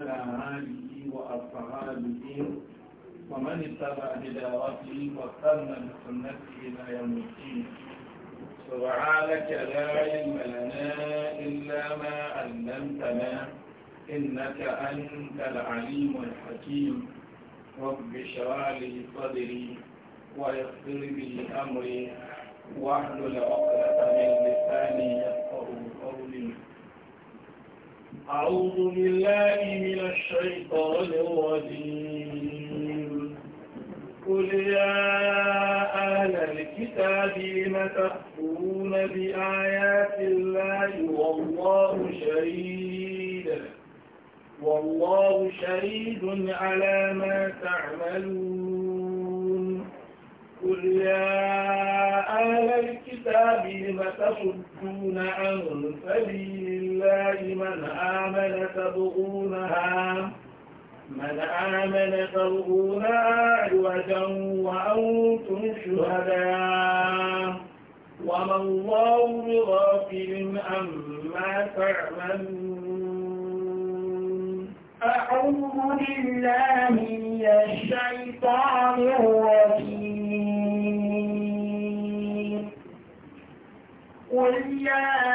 على آله وأصحابه ومن اتبع هدايته واستنى بسنته إلى يوم الدين سبحانك لا علم لنا إلا ما علمتنا إنك أنت العليم الحكيم رب اشرح لي صدري ويسر لي أمري واحلل عقدة من لساني يفقه قولي أعوذ بالله من الشيطان الرجيم قل يا أهل الكتاب لم تكفرون بآيات الله والله شهيد والله شهيد على ما تعملون قل يا أهل الكتاب الكتاب لم تصدون عن سبيل الله من آمن تبغونها من آمن تبغونها عوجا وأنتم شهداء وما الله بغافل عما تعملون أعوذ بالله من الشيطان الرجيم قل يا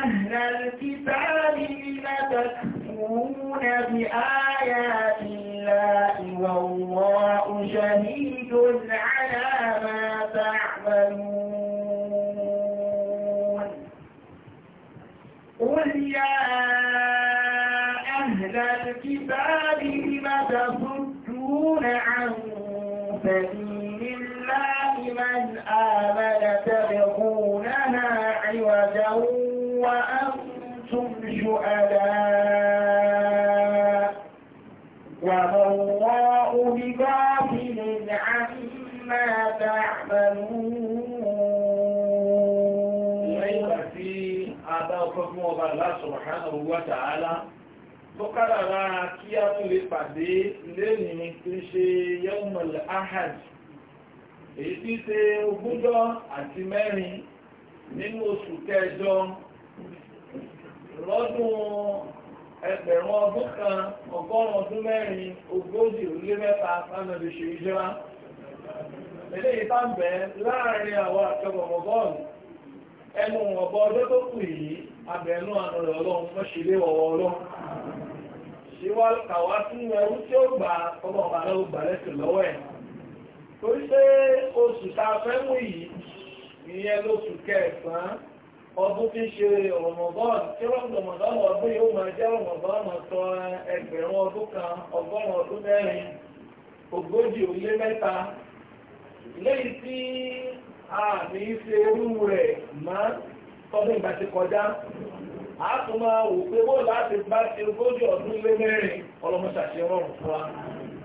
أهل الكتاب لم تكفرون بآيات الله والله شهيد على ما تعملون قل يا أهل الكتاب لم تصدون عن سبيل الله من آمن تبغون عوجا وأنتم شهداء وما الله بغافل عما تعملون أيها في أباكم الله سبحانه وتعالى tó kádàrá kí a tún lè pàdé lẹ́ni tí ń ṣe yẹ́wùmọ̀lẹ̀ ahad èyí tí ṣe ogúnjọ́ àti mẹ́rin nínú oṣù kẹjọ lọ́dún ẹgbẹ̀rún ọdún kan ọgọ́rùn ọdún mẹ́rin ogójì ó lé mẹ́ta lánàbí ṣe ìjọra eléyìí bá ń bẹ láàrin àwọn àtọ́gbọ̀n ọgọ́rùn ẹnu ọ̀bọ ọdún tó kù yìí abẹ̀ẹ́nú àna rẹ̀ ọlọ́run wọ́n ṣe lé wọ̀wọ́ ọlọ́run ṣe wá kàwá tún ẹrú tí ó gbà ọmọ ọ̀bà náà gbà lẹ́sìn lọ́wọ́ ẹ̀ torí pé oṣù tá a fẹ́ mú yìí ìyẹn lóṣù kẹsàn-án ọdún tí ń ṣe ọ̀rọ̀mọ̀bọ́ọ̀n tí rọ̀mọ̀bọ́ọ̀n ọdún yóò máa jẹ́ ọ̀rọ̀mọ̀bọ́ọ̀n ọ̀tọ̀ ẹgbẹ̀rún ọdún kan ọgọ́rùn-ún ọdún mẹ́rin ogójì ó lé mẹ́ta léyìí tí a ní ṣe irú rẹ̀ máa tọ́dún ìgbà ti kọjá a tún máa wò pé bó láti bá ṣe ogójì ọdún lé mẹ́rin ọlọ́mọṣàṣe rọrùn fún wa.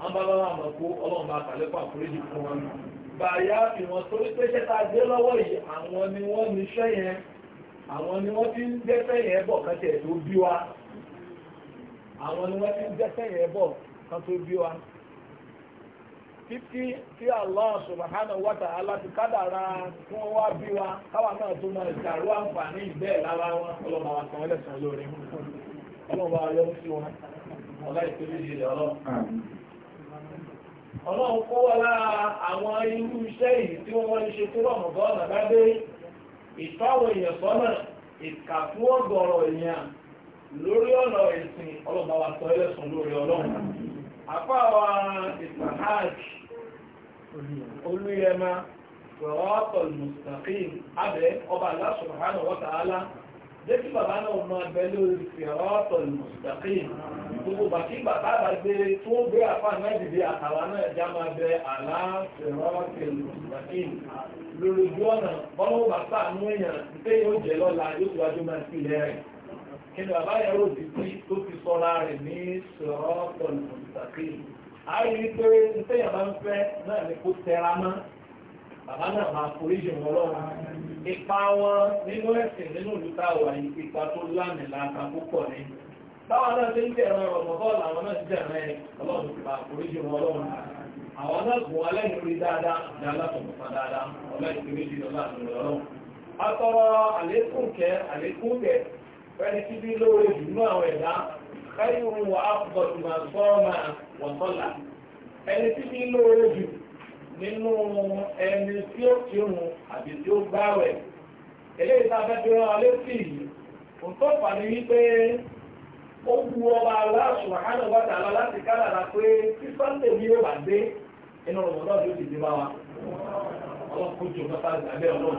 wọ́n bá bá wọn kó ọlọ́run bá àforíjì fún wọn bàyá ìwọ̀n tó yi! Awọn a ni wọ́n níṣẹ́ yẹn àwọn ni wọ́n ti ń dẹ́ṣẹ̀ yẹn bọ̀ kan tẹ̀ wa àwọn ni wọ́n ti ń dẹ́ṣẹ̀ yẹn bọ̀ kan tó bí wa títí tí Allah ti ọlọ́run kó wá lára àwọn irú iṣẹ́ yìí tí wọ́n wọ́n ṣe tó rọ̀mọ̀dọ́ ọ̀nà lábẹ́ ìtọ́wò èèyàn sọ́nà ìkà fún ọ̀gọ̀rọ̀ èèyàn lórí ọ̀nà ẹ̀sìn ọlọ́ba wa sọ ẹlẹ́sùn lórí ọlọ́run apá wa ìsàhájì olúyẹmá rọ́ọ̀tọ̀ mùsàkín abẹ́ ọba aláṣọ jẹ́ kí bàbá náà máa bẹ lórí ìrọ́tọ̀ ìmọ̀síkàkì gbogbo bàtí bàbá bá gbé tó gbé apá mẹ́dìdì àtàwà náà já máa bẹ àlá ìrọ́tọ̀ ìmọ̀síkàkì lórí ojú ọ̀nà bọ́lọ́wọ́ bàbá àánú èèyàn pé yóò jẹ́ lọ́la yóò tó wájú máa sí ilẹ̀ rẹ̀ kí ni bàbá yẹn rò bí tí tó fi sọ́ra rẹ̀ ní ìrọ́tọ̀ ìmọ̀síkàkì bàbá náà máa foríjì wọn lọ́wọ́ ipa wọn nínú ẹ̀sìn nínú ìlúta wà ipa tó lámì láta púpọ̀ ní báwọn náà ti ń tẹ̀ràn ọ̀mọ̀bọ́ọ̀lù àwọn náà ti tẹ̀ràn ẹ̀ ọlọ́run ti máa foríjì wọn lọ́wọ́ àwọn náà gùn alẹ́nu rí dáadáa ní alátọ̀mọ̀fà dáadáa ọlọ́run ti méjì lọ́la àtọ̀rọ̀ àtọ̀rọ̀ àlékún kẹ́ àlékún kẹ́ fẹ́ni tí bí lóore nínú ẹni tí ó kírun àbí tí ó gbáwẹ̀ eléyìí tá a fẹ́ fi rán alẹ́ sí yìí kò tó fà ní wípé ó wu ọba aláṣùwọ̀n hánà wá tààlà láti kánàdà pé tí sọ́ńdẹ̀ mi yóò bá dé inú ọ̀rọ̀ náà ló ti dé bá wa ọlọ́kùn jù lọ́ta àgbẹ̀ ọlọ́run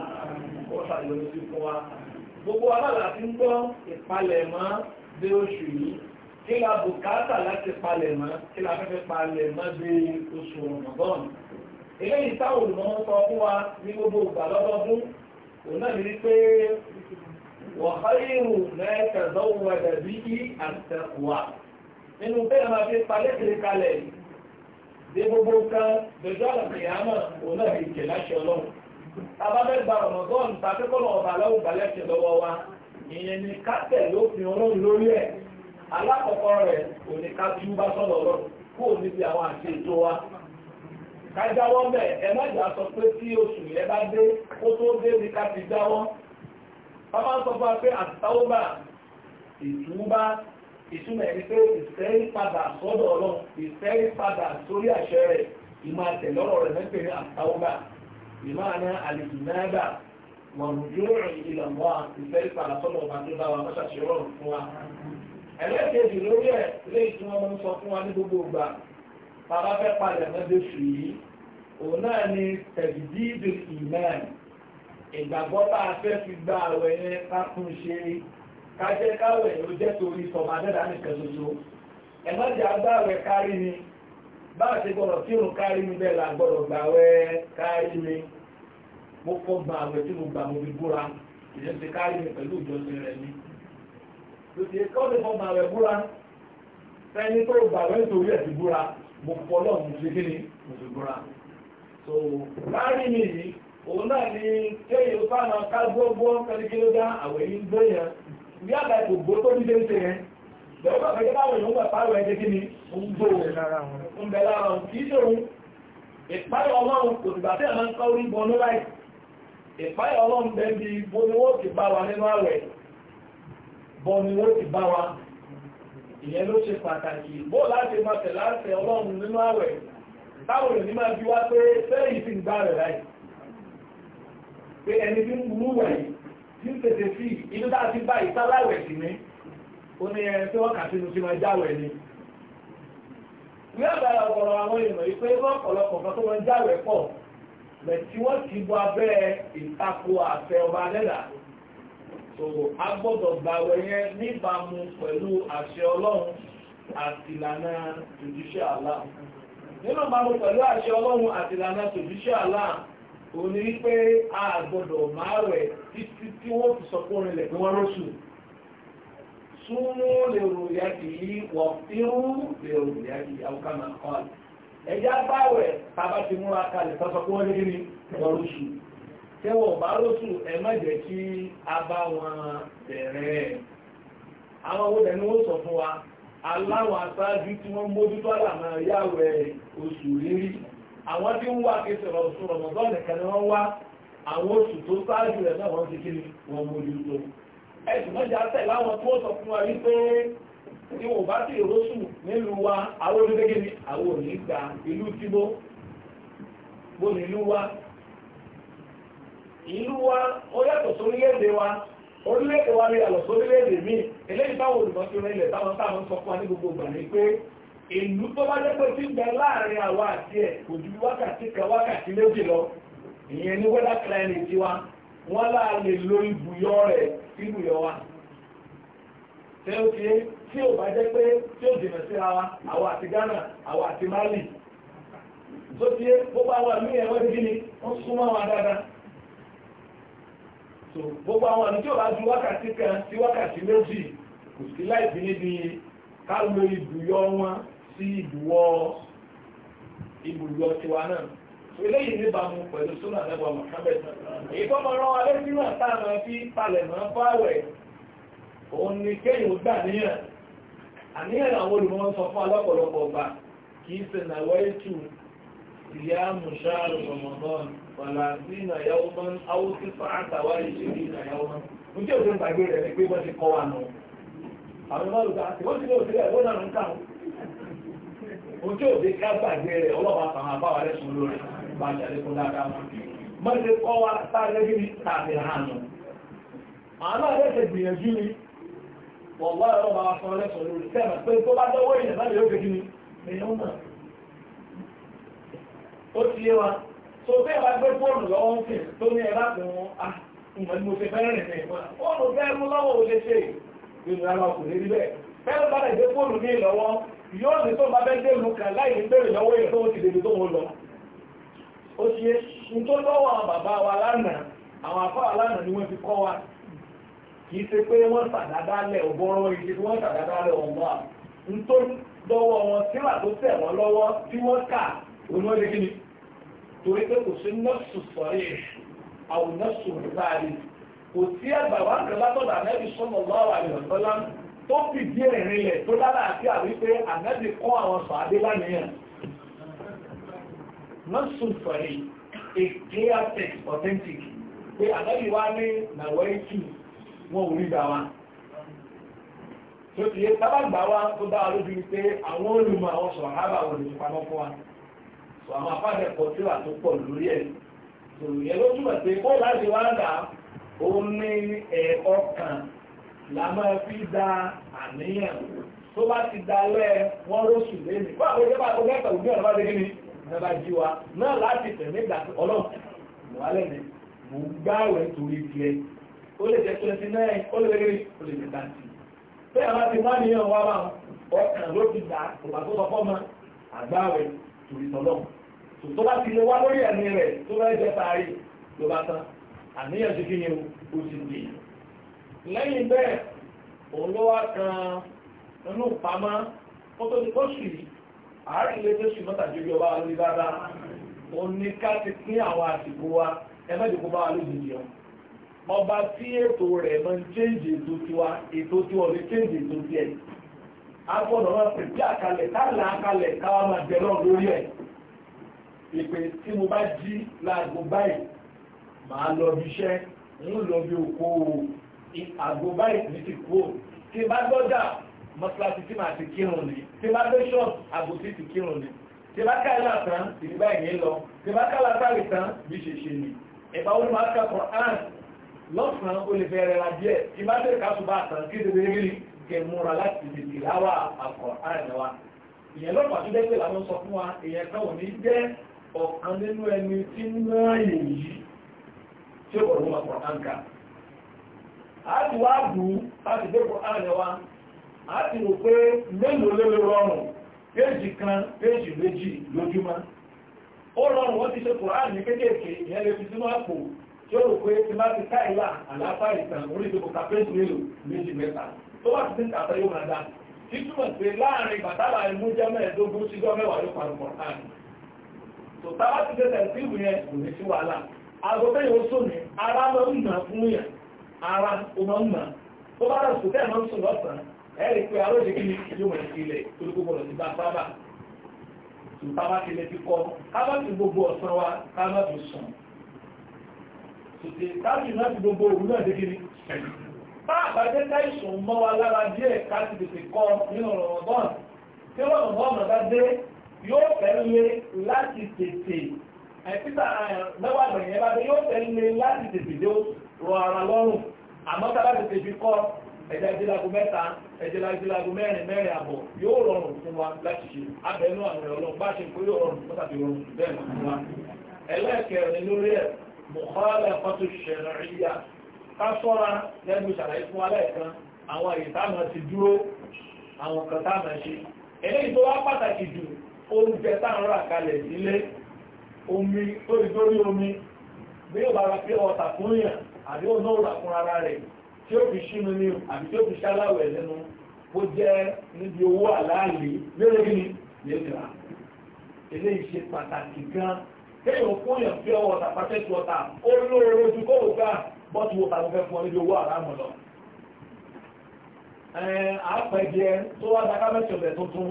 ó ṣàlùwẹ̀ ló ti fún wa gbogbo alára ti ń gbọ́ ìpalẹ̀mọ́ dé oṣù yìí kí la bùkátà láti palẹ̀mọ́ kí la fẹ́fẹ́ palẹ̀mọ́ dé oṣù ọ̀nàbọ́ọ̀nù eléyìí táwọn olùmọ̀ ń sọ fún wa ní gbogbo ìgbà lọ́dọọdún òun náà ní pé wọ̀háyìrù mẹ́ẹ̀kẹ́ lọ́wọ́ ẹ̀dẹ̀bí kí àtẹ̀wà nínú bẹ́ẹ̀ máa fi palẹ́tìrì kalẹ̀ dé gbogbo kan dojọ́ àlàkìyàmọ̀ òun náà ìjẹ̀ láṣẹ ọlọ́run tábà bẹ́ẹ̀ gba ọ̀nàgọ́n tàbíkọ́lọ̀ ọba lọ́wọ́ balẹ̀ṣẹ̀ lọ́wọ́ wa ìyẹn ni kátẹ̀ ló fi ọlọ́run lórí ẹ̀ alákọ̀ọ́kọ́ rẹ̀ òun ni ká kájáwọ́ bẹ̀ ẹ má jà sọ pé tí oṣù yẹn bá dé ó tó dé ní ká ti jáwọ́ bàbá sọ fún wa pé àtàwọ́bà ìtúbà ìtumọ̀ ẹni pé ìsẹ́rí padà sọ́dọ̀ ọlọ́run ìsẹ́rí padà sórí àṣẹ rẹ̀ ìmọ̀ àtẹ̀lọ́rọ̀ rẹ̀ mẹ́pẹ̀ ní àtàwọ́bà ìmọ̀ àná àlìkùnáàbà mọ̀rùndínlọ́rọ̀ ìlànà ìsẹ́rí padà sọ́dọ̀ ọba tó bá wa mọ́ṣáṣẹ́ rọrùn fún wa ẹlẹ́ẹ̀kejì lórí ẹ̀ lé ìtumọ̀ mọ́ òun náà ni tẹ̀gídìdì ìmán ìgbàgbọ́ bá a fẹ́ fi gba àwẹ̀ yẹn ká tún ṣe kájẹ́ káwẹ̀ ló jẹ́ torí sọmọ adẹ́dá nìkan ṣoṣo ẹ̀mọ́jà gbàwẹ̀ kárí ni bá a ṣe gbọ́dọ̀ tí òun kárí ni bẹ́ẹ̀ la gbọ́dọ̀ gbàwẹ̀ kárí ni mo kọ́ gba àwẹ̀ tí mo gbà mo fi búra ìyẹn ti kárí mi pẹ̀lú ìjọsìn rẹ̀ ni lòdì kọ́ ni mo gbà àwẹ̀ búra fẹ́ni tó gbàwẹ̀ nítorí ẹ̀ ti búra mo fọlọ́ mo so láàrin mi yìí òun náà ni kéyìn fáànà ká gbogbo kẹ́lẹ́kẹ́lẹ́ dá àwẹ̀ yìí gbé yẹn bí àgbà kò gbó tó dídé ń ṣe yẹn bẹ̀rẹ̀ bàbá jẹ́ báwọn èèyàn gbà pààrọ̀ ẹ̀jẹ̀ kí ni ń gbó ń bẹ̀ lára kì í ṣe òun ìpáyọ̀ ọlọ́run kò sì àmọ́ kọ́ orí ti bá wa nínú àwẹ̀ ti bá wa ìyẹn ló ṣe pàtàkì bó láti máa ọlọ́run nínú táwọn èèyàn ní máa bí wá pé fẹ́yìí sì ń gbá rẹ̀ láì pé ẹni tí ń mú wẹ̀ yìí tí ń tètè sí inú tá a ti bá ìsáláwẹ̀ sí ni ó ní ẹni tí wọ́n kà sínú sí máa jáwẹ̀ ni ní àgbàlá ọ̀pọ̀lọ̀ àwọn èèyàn yìí pé lọ́pọ̀lọpọ̀ kan tó wọ́n jáwẹ̀ pọ̀ lẹ̀ tí wọ́n ti bọ abẹ́ ìtako àfẹ ọba adẹ́dà so a gbọ́dọ̀ gbàwẹ̀ yẹn níbàámu pẹ̀lú àṣẹ ọlọ́run àti ìlànà judicial Allah nínú ìbámu pẹ̀lú àṣẹ ọlọ́run àti ìlànà tòbíṣẹ́ àlá òun ni wípé a gbọ́dọ̀ máa rẹ̀ títí tí wọ́n fi sọ fún ilẹ̀ pé wọ́n rọ́ṣù súnmú lè ròyà kì í wọ̀ fírú lè ròyà kì í àwùká máa kọ́ àlè ẹ̀yà báwẹ̀ tàbá ti múra kalẹ̀ sọ́sọ́ pé wọ́n lé ní wọ́n rọ́ṣù tẹ́wọ̀ bá rọ́ṣù ẹ má jẹ́ kí a bá wọn bẹ̀rẹ̀ àwọn owó ni wọ́n sọ fún wa aláwọn aṣáájú tí wọ́n mójútó àlànà yàwẹ̀ oṣù rírí àwọn tí ń wá kẹsìrọ̀ oṣù rọ̀mọ̀dọ́n nìkan ni wọ́n wá àwọn oṣù tó ṣáájú rẹ̀ náà wọ́n ti kí ni wọ́n mójútó ẹ̀sùn mọ́jà tẹ̀ láwọn tó sọ fún wa wípé tí wọ́n bá sì rọ́sù nílùú wa àwọn olùgbégé ni àwọn gba ìlú tíbó bó ìlú wa ìlú wa ó yàtọ̀ wa orílẹ̀-èdè wa rí àlọ́ sórílẹ̀-èdè míì eléyìí báwo olùmọ̀ tí ilẹ̀ táwọn táwọn sọ fún ní gbogbo ìgbà ni pé ìlú tó bá jẹ́ tí ń bẹ láàrin àwa àti ẹ̀ kò ju wákàtí lo ibùyọ rẹ̀ ibùyọ wa ti tí ò bá wa àwa àti Ghana àwa àti Mali tó ti bó bá wà ní ẹ̀wọ́n ti gíní wọ́n súnmọ́ wa dáadáa so gbogbo àwọn ọ̀nà tí ò bá ju wákàtí kan sí wákàtí méjì kò sí láìsí níbi kálò ìbùyọ wọn sí ìbùwọ ìbùyọ tiwa náà eléyìí níbàámu pẹ̀lú sọ́nà àdẹ́gbà Mohammed ìfọ́mọ̀ràn alẹ́ sí náà táàmù fi palẹ̀ mọ́ fáwẹ̀ òun ni kéyìn gbà níyàn àníyàn àwọn olùmọ̀ sọ fún alọ́pọ̀lọpọ̀ ọba kì í ṣe nàwẹ́ ètù ìyá mùsáàrù ọmọdọ́ọ̀nù ọ̀làdínà yàwó mọ́ awó tí fa àtàwà ìṣèlú ìnà yàwó mọ́. Mo jẹ́ ti kọ́ wa nù. Àwọn ọmọ olùkọ́ àti wọ́n ti ní òṣèré ẹ̀wọ́n náà ń kà ó. Mo jẹ́ ká gbàgbé rẹ̀ àtàwọn àbáwá sùn lórí dáadáa tàbí hànú. Àná gbìyànjú ni. Wọ́n wá lórí sẹ́mi pé tó bá dọ́wọ́ tó bẹ́ẹ̀ bá gbé fóònù lọ́wọ́ ń fìn tó ní ẹ̀rá ah, fún un mo ṣe fẹ́rẹ̀ rìn ní fóònù bẹ́ẹ̀ mú lọ́wọ́ ò lè ṣe ìlú ara kò lè rí bẹ́ẹ̀ fẹ́rẹ̀ bá gbé fóònù ní ìlọ́wọ́ yóò ní tó bá bẹ́ẹ̀ dé ìlú kan láì ní bẹ̀rẹ̀ lọ́wọ́ èyí tó ti dèbí tó ń lọ ó ṣe ń tó lọ́wọ́ àwọn bàbá wa lánàá àwọn afọ́ alánàá ni wọ́n fi kọ́ wa kìí ṣe pé wọ́n sàdádálẹ̀ ọgbọ́rọ̀ ìṣe tí wọ́n sàdádálẹ̀ ọ̀gbọ́n à ń tó lọ́wọ́ wọn síra tó tẹ̀ wọ́n lọ́wọ́ tí wọ́n kà òun wọ́n lè kí ni torí pé kò sí nọ́ọ̀sù sọ̀rí àwọn nọ́ọ̀sù rìbáàrí kò sí ẹgbà wà ní látọ̀dọ̀ ànábì sọ́nà lọ́wọ́ àyọ̀sọ́lá tó fi díẹ̀ rinlẹ̀ tó lára àti àwípé ànábì kọ́ àwọn sàádé lánìyàn nọ́ọ̀sù sọ̀rí a clear text authentic pé ànábì wá ní nàwẹ́ẹ̀kì wọn ò rí gbà wá tó ti yé tábàgbà wá tó dára lójú pé àwọn olùmọ̀ àwọn sọ̀rọ̀ àwọn afáàfẹ́ pọ̀ tí wà tó pọ̀ lórí ẹ̀ tò yẹ ló túmọ̀ pé kó láti wá dà ó ní ẹ̀ ọkàn la máa fi da àníyàn tó bá ti dalẹ̀ wọ́n lóṣù lẹ́nu kó àwọn ìjọba tó mẹ́ta òbí ọ̀nà bá dé kíni ìjọba jí wa náà láti tẹ̀lé ìgbà ọlọ́run mọ̀wálẹ̀ ni mò ń gbáwẹ̀ torí tiẹ̀ ó lè jẹ́ twenty nine ó lè rí ó lè jẹ́ thirty bẹ́ẹ̀ bá ti máa níyàn wá bá ọkàn ló ti dà kò bá tó sọ fọ́ mọ́ àgbáwẹ̀ torí tọ́lọ́run tó bá ti lè wá lórí ẹ̀mí rẹ̀ tó bá jẹ́ parí ló bá tán àníyàn ti fi ni o ti di. lẹ́yìn bẹ́ẹ̀ òun ló wá kan inú pamọ́ kó tó ti kó sì àárín ilé tó sì mọ́tàjú bí ọba lórí dáadáa òun ní ká ti pín àwọn àsìkò wa ẹ mẹ́jọ kó bá wa lójijì ọ ọba tí ètò rẹ̀ máa ń chéǹjì ètò tiwa ètò tiwa ò ní chéǹjì ètò tiẹ̀ agbọ́dọ̀ máa pèpè àkàlẹ̀ káàlà ìpè tí mo bá jí láago báyìí màá lọ bí iṣẹ́ ń lọ bí oko àgbo báyìí ní ti kú tí bá gbọ́dà mọ́sálásí tí màá ti kírun ni tí bá gbé ṣọ́ọ̀bù àgbo tí ti kírun ni tí bá káyọ̀ àtàn tí báyìí ní lọ tí bá káyọ̀ àtàrí tán bí ṣe ṣe ni ìgbà wo ni màá kà Qur'an lọ́sàn-án ó lè fẹ́rẹ̀ ra díẹ̀ ìbá tẹ̀lé ká tún bá àtàn kí tẹ̀lé rí kẹ múra láti lè tìláwà Al-Qur'an wa ìyẹn lọ́pàá tó dẹ́gbẹ̀ẹ́ làwọn sọ fún wa èèyàn kan ní jẹ́ ọ̀kan nínú ẹni tí ń ráyè yìí tí ó rọ̀ àǹkà a ti wá dùn láti dé pọ̀ ààrẹ wa a ti rò pé mélòó lórí rọrùn péjì kan péjì méjì lójúmọ́ ó rọrùn wọ́n ti ṣe pọ̀ ààrẹ kéékèèké ìyẹn lè fi sínú àpò tí ó rò pé ti má ti ká ìlà ìtàn orí ìdìbò kàpéjì mélòó méjì mẹ́ta tó wà sí máa dá títúmọ̀ pé láàrin tó tábà ti tẹ́tẹ̀ sí ìwé yẹn kò ní sí wàhálà aago bẹ́ẹ̀ yóò sùn ní ara máa ń nà fún yẹn ara ó máa ń nà ó bá rà sùn tẹ́ẹ̀ máa ń sùn lọ́sàn-án ẹ̀ rí pé aróòjì kí ni yóò mọ̀ sí ilẹ̀ torí gbogbo ọ̀rọ̀ ti bá sábà tó tábà ti lè fi kọ́ kábà ti gbogbo ọ̀sán wa kábà ti sùn tòtè tábì náà ti gbogbo òru náà dé kí ni bá àbájẹ́ káìsùn mọ́ wa lára díẹ̀ ká ti tètè kọ́ nínú ọ̀rọ̀ ọ̀gbọ́n tí ọ̀rọ̀ ọ̀gbọ́n bá yóò tẹ̀lé láti tètè ẹ̀pítà mẹ́wàá àgbẹ̀yìn ẹ̀ bá dé yóò tẹ̀lé láti tètè dé rọ ara lọ́rùn àmọ́ tá a bá tètè fi kọ́ ẹ̀jẹ̀ ìdílagun mẹ́ta ẹ̀jẹ̀ ìdílagun mẹ́rin mẹ́rin àbọ̀ yóò rọrùn fún wa láti ṣe abẹ́nú àwọn ẹ̀rọ lọ́rùn bá ṣe pé yóò rọrùn fún tàbí rọrùn bẹ́ẹ̀ lọ fún wa. ẹlẹ́ẹ̀kẹrin lórí ẹ̀ mọ̀kọ́lẹ̀ fọ́tò ṣẹ̀rẹ̀ríyà ká sọ́ra lẹ́nu ìṣàlàyé fún wa lẹ́ẹ̀kan àwọn àyè táwọn ti dúró àwọn kan táwọn ṣe eléyìí tó wá pàtàkì jù oúnjẹ táwọn rà kalẹ̀ sílé omi tó ìdórí omi bí ó bá ra pé ọ̀tà fún yàn àbí ó náà rà fún ara rẹ̀ tí ó fi sínú ní àbí tí ó fi ṣáláwẹ̀ nínú ó jẹ́ níbi owó àláàlì lórí kí ni lè rà eléyìí ṣe pàtàkì gan kéèyàn fún yàn fi ọwọ́ ọ̀tà pàtẹ́tù ọ̀tà ó lóore ojú kó wò ká bọ́tù wò ká ló fẹ́ fún ọ níbi owó àlámọ̀ lọ àpẹjẹ tó wá dáká mẹ́sàn-án tuntun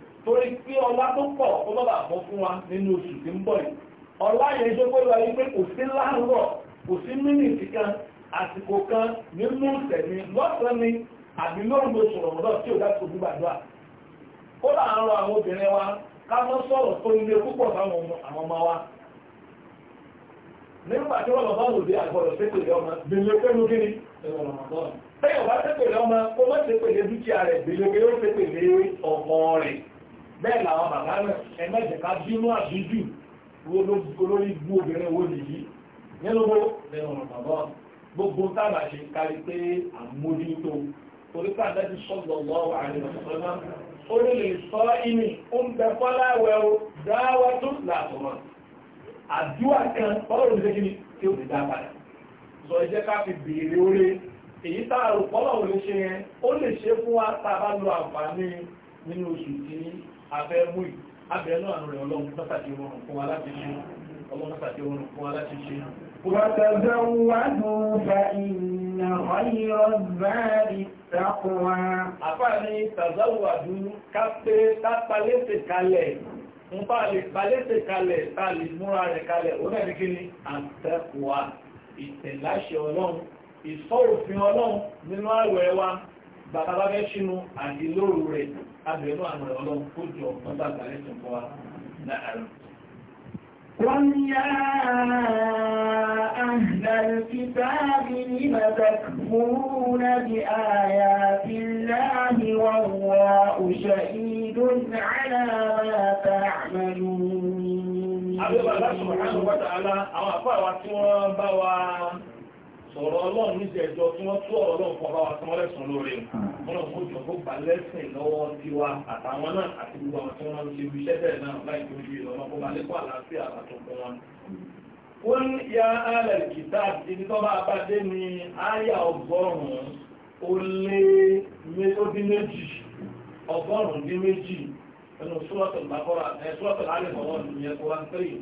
torí pé ọlá tó pọ̀ kó má bàa bọ́ fún wa nínú oṣù tí ń bọ̀ yìí ọlá yẹn ṣe pé wà wípé kò sí láàárọ̀ kò sí mínítì kan àsìkò kan nínú ìsẹ̀mí lọ́sàn-án ni àbí lóhùn oṣù rọ̀mọ́dọ̀ tí ò dá tó gbàdúrà kódà ń rọ àwọn obìnrin wa ká mọ́ sọ̀rọ̀ tó ilé púpọ̀ fáwọn ọmọ wa nígbà tí wọ́n lọ bá lòdì àgbọ̀dọ̀ sépèlè ọmọ gbèlè pẹ̀lú gíní tẹ́yọ̀ bá sépèlè ọmọ kó mọ́ sépèlè dúkìá rẹ̀ gbèlè pé ó sépèlè ọmọ rẹ̀ bẹ́ẹ̀ làwọn bàbá náà ẹ̀mẹ́jẹ̀ ká bínú àbíjù olórí gbú obìnrin owó nìyí nílùú nínú ọ̀nà gbogbo tábà ṣe kárí pé àmójútó torí pàdé ti sọ́gbọ̀ lọ́wọ́ àrẹ ọ̀sán ó lè lè sọ ìní ó ń bẹ fọ́láwẹ́ o dáwọ́ tó làtọ̀mọ́ àdúrà kan fọ́lọ́rùn ṣe kí ni tí ó lè dá padà sọ ẹ jẹ́ ká fi béèrè oore èyí tá a rò fọ́lọ́rùn lè ṣe yẹn ó lè ṣe fún wa tá a bá lo àǹfààní nínú oṣù tí afẹ́ mú ì abẹ́ náà rẹ̀ ọlọ́run pàtàkì rọrùn fún wa láti ṣe ọlọ́run pàtàkì rọrùn fún wa láti ṣe وتزودوا فإن خير الزاد التقوى Àfáàní tàzáwàdú kápé tápalẹ́sẹ̀ kalẹ̀, ni àtẹ́kùwà ìtẹ̀láṣẹ ọlọ́run, ìsọ́ òfin ọlọ́run nínú àwẹ̀ wa, bàbá bá fẹ́ sínú rẹ̀ abẹ̀rẹ̀ àwọn ọlọ́run kó jọ ọba àgbàlẹ̀ tó kọ́ wa láàárọ̀. قل يا أهل الكتاب لم تكفرون بآيات الله والله شهيد على ما تعملون. Àwọn ọba Allah subhanahu wa ta'ala àwọn àfáà sọ̀rọ̀ ọlọ́run ní ìjẹjọ́ tí wọ́n tú ọ̀rọ̀ ọlọ́run kan bá wa tí wọ́n lẹ́sùn lórí hmm. wọn lọ fún ìjọba gbà lẹ́sìn lọ́wọ́ tiwa àtàwọn náà àti gbogbo àwọn tí wọ́n ti iṣẹ́ bẹ́ẹ̀ náà láì tó ju ìlọ́mọ kó máa lékún àlàáfíà àtúntò wọn. wọ́n ya alẹ́ kìtà ibi tó bá bá dé ní àyà ọgọ́rùn-ún ó lé ó dín méjì ọgọ́rùn-ún dín méjì ẹnu sọ́ọ̀tù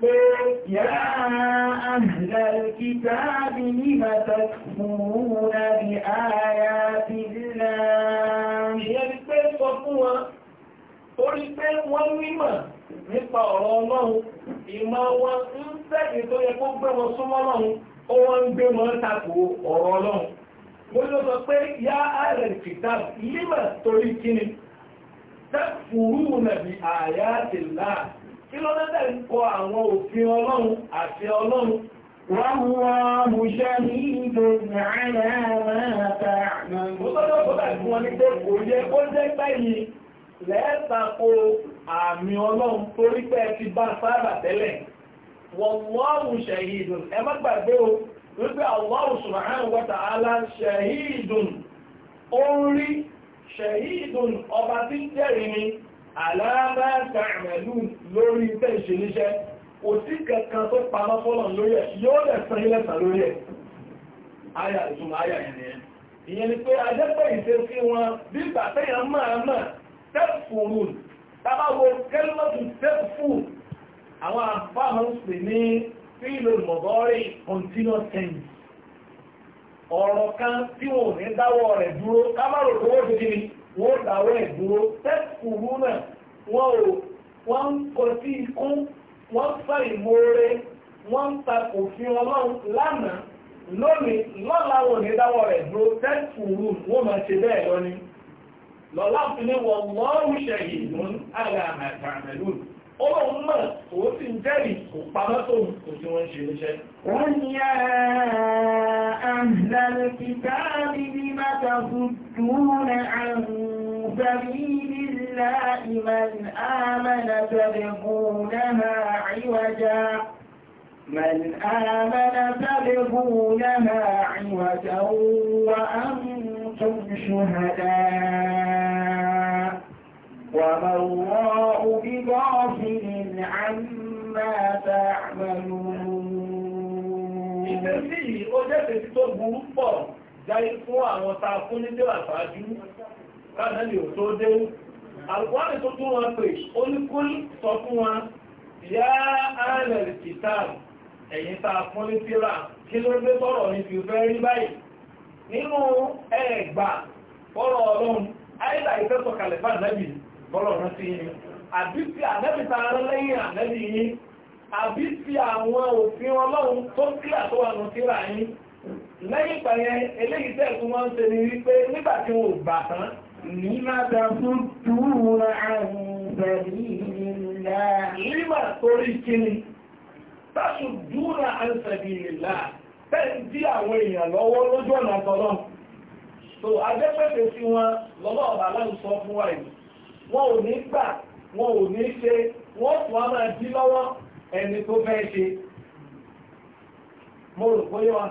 يا أهل الكتاب لم تكفرون بآيات الله يريد صفوة orí pé wọ́n mímọ̀ nípa ọ̀rọ̀ ọlọ́run ìmọ̀ wọn ń tẹ́gbẹ̀ tó yẹ kó gbé wọn súnmọ́ ọlọ́run ó wọ́n ń gbé wọn tako ọ̀rọ̀ ọlọ́run mo ló sọ pé yá ààrẹ̀ kìtà límọ̀ torí kíni tẹ́kùrú nàbí àyà tìláà kí ló dẹ́dẹ̀ ń kọ àwọn òfin ọlọ́run àti ọlọ́run wọ́n wọ́n mú ṣẹ́ ní ìlú ìrìnàlẹ́ àwọn Wallahu shahidun ẹ má gbàgbé o wípé Allahu subhanahu wa ta'ala shahidun ó rí shahidun ọba tí jẹ́rìí ni aláàbáta àmẹ́lú lórí tẹ́ ìṣe níṣẹ́ kò sí kankan tó pamọ́ fọ́lọ̀ lórí ẹ̀ yóò lẹ̀ san ilẹ̀ sàn lórí ẹ̀ ayà ìtumọ̀ ayà ìrìn ìyẹn ni pé adẹ́pẹ́ ìṣe sí wọn bí bàtẹ́yà máa máa tẹ́fùrù tábàwọ kẹ́lọ́tù tẹ́fù àwọn àbáhàn pè ní fílò mọ̀gọ́rì yẹ̀kùrúnà wọ́n ò wọ́n ń kọ sí ikú wọ́n fà ìmoore wọ́n ń ta kò fi ọlọ́run lánàá lónìí lọ́la wọn ní dáwọ́ rẹ̀ ló tẹ́kù rúùn wọ́n máa ṣe bẹ́ẹ̀ lọ ni lọ́la fi ní wọ́n lọ́rùn ṣẹ̀yì lún àgbà àmàlú ọlọ́run náà òun sì ń jẹ́rìí kò pamọ́ tó kò tí wọ́n ń ṣe iṣẹ́. wọ́n yá àhàlùkìtà bíbí bá ta fún dùn náà àrùn bẹ̀rẹ̀ هؤلاء من آمن تبغونها عوجا من آمن تبغونها عوجا وأنتم شهداء وما الله بغافل عما تعملون إذن ó jẹ́ tètè tó burú pọ̀ jáyé fún àwọn ta fún ní dé àfáájú káàdánì ò tó dé àrùkwáàrì tó tún wọn pè olúkúlù sọ fún wọn yá ààrẹ kìtàbù ẹ̀yìn tá a fún ní tíra kí ló dé tọ́rọ̀ ní fi fẹ́ rí báyìí nínú ẹ̀ẹ̀gbà fọ́rọ̀ ọlọ́run àìlà ìfẹ́sọ̀ kalẹ̀ bá nẹ́bì fọ́rọ̀ rán sí yín àbí ti ànẹ́bì ta rán lẹ́yìn ànẹ́bì yín àbí ti àwọn òfin ọlọ́run tó kílà tó wà nù tíra yín lẹ́yìn pẹ̀yẹn eléyìí tẹ́ẹ̀kú wọn ń ṣe ni wípé nígbà tí wọn ò gbà Lima tasudduna an sabilillah. Lima torí kíni, tasudduna an sabilillah. Bẹ́ẹ̀ dí àwọn èèyàn lọ́wọ́ lójú ọ̀nà tọ́lọ́. So, agbẹ́pẹ̀fẹ̀ sí wọn lọ́wọ́ ọ̀bà láì sọ fún wa yìí. Wọ́n ò ní gbà, wọ́n ò ní ṣe, wọ́n tún á máa dí lọ́wọ́ ẹni tó fẹ́ ṣe. Mo rò bóyá wa,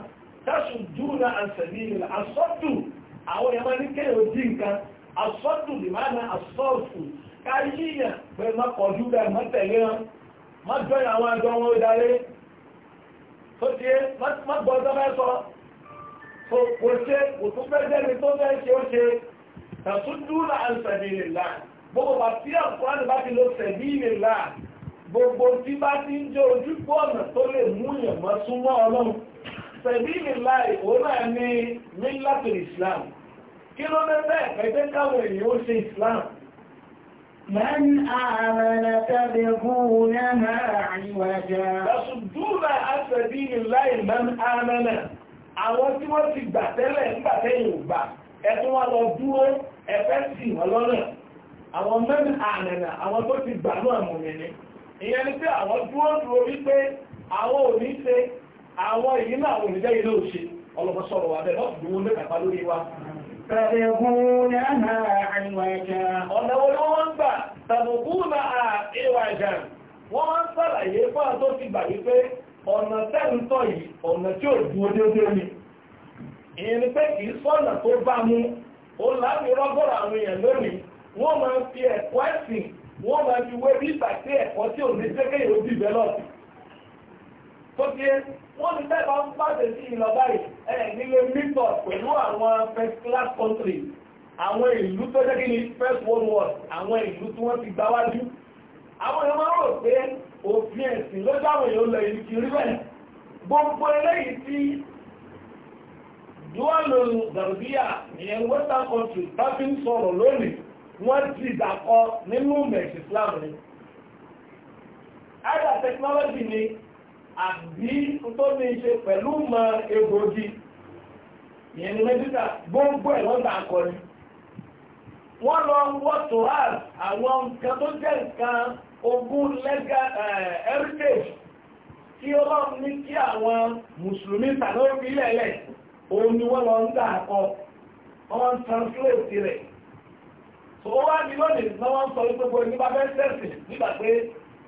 tasudduna an sabilillah. Àsọ́dù àwọn ẹ̀mọ́ ní kéèyàn asọ́dù lèmánà asọ́ọ̀fù káyíyàn pẹ̀lú mọ́kànjú rẹ̀ mọ́tẹ̀lé wọn má jọyìn àwọn àjọ wọn ìdarí tó ti é má gbọ́dọ̀ mẹ́sọ kò ṣe kò tún fẹ́ jẹ́ni tó fẹ́ ṣe ó ṣe tàtúndú láàrín gbogbo bàtí àkùránì bá ti lọ sẹ̀bí ìrìnlá gbogbo tí bá ti ń jẹ́ ojúgbọ́ ọ̀nà tó lè mú yàn mọ́ súnmọ́ kí ló dé bẹ́ẹ̀ pẹ̀lú káwọn èèyàn ó ṣe Islam من آمن تبغونها عوجا تصدون عن سبيل الله من آمن àwọn tí wọ́n ti gbà tẹ́lẹ̀ nígbà tẹ́yìn ò gbà ẹ̀tún wọn lọ dúró ẹ̀fẹ́ sí wọn lọ́nà àwọn mẹ́rin àrẹ̀nà àwọn tó ti gbà náà mọ̀ nìní ìyẹn ni pé àwọn dúró dúró wípé àwọn ò ní ṣe àwọn èyí náà ò ní jẹ́ ilé òṣè ọlọ́pọ̀ sọ̀rọ̀ wà bẹ́ẹ̀ lọ́sùn dúró lẹ́kàpá lórí wa tàbùkúnà àìwàjà ọ̀nà olówó ń gbà tàbùkúnà àìwàjà wọ́n ń sàlàyé fáà tó ti gbà wípé ọ̀nà tẹ́ǹtọ́ yìí ọ̀nà tí ó dúó dédé ni ìyẹn pé kì í sọ́nà tó bá mú ó láti àwọn èèyàn lónìí wọ́n máa ń fi ẹ̀kọ́ tó ti é wọ́n ti tẹ́bà ń pàṣẹ sí ìlọ́gbà ìnílé mítọ̀ pẹ̀lú àwọn first class country àwọn ìlú tó jẹ́ kí ni first world war àwọn ìlú tí wọ́n ti gbáwájú àwọn èèyàn máa ń rò pé òfin ẹ̀sìn lójú àwọn èèyàn lọ ìlú kiri bẹ́ẹ̀ gbogbo eléyìí tí duwalo gàrbíà ìyẹn western country bá fi ń sọ̀rọ̀ lónìí wọ́n ti dàkọ nínú mẹ̀sì islam ni. either technology ni àbí tó ní ṣe pẹ̀lú mọ egbògi ìyẹn ni mẹ́díkà gbogbo ẹ̀ lọ́dà akọni wọ́n lọ wọ́tò áàt àwọn nǹkan tó jẹ́ nǹkan ogún lẹ́gà eh, heritage tí ó lọ ní kí àwọn mùsùlùmí tàbí ìpínlẹ̀ òun ni wọ́n lọ ń dà akọ wọ́n translate rẹ̀ tó wá ní lónìí lọ́wọ́ sọ wípé gbogbo sẹ́sì nígbà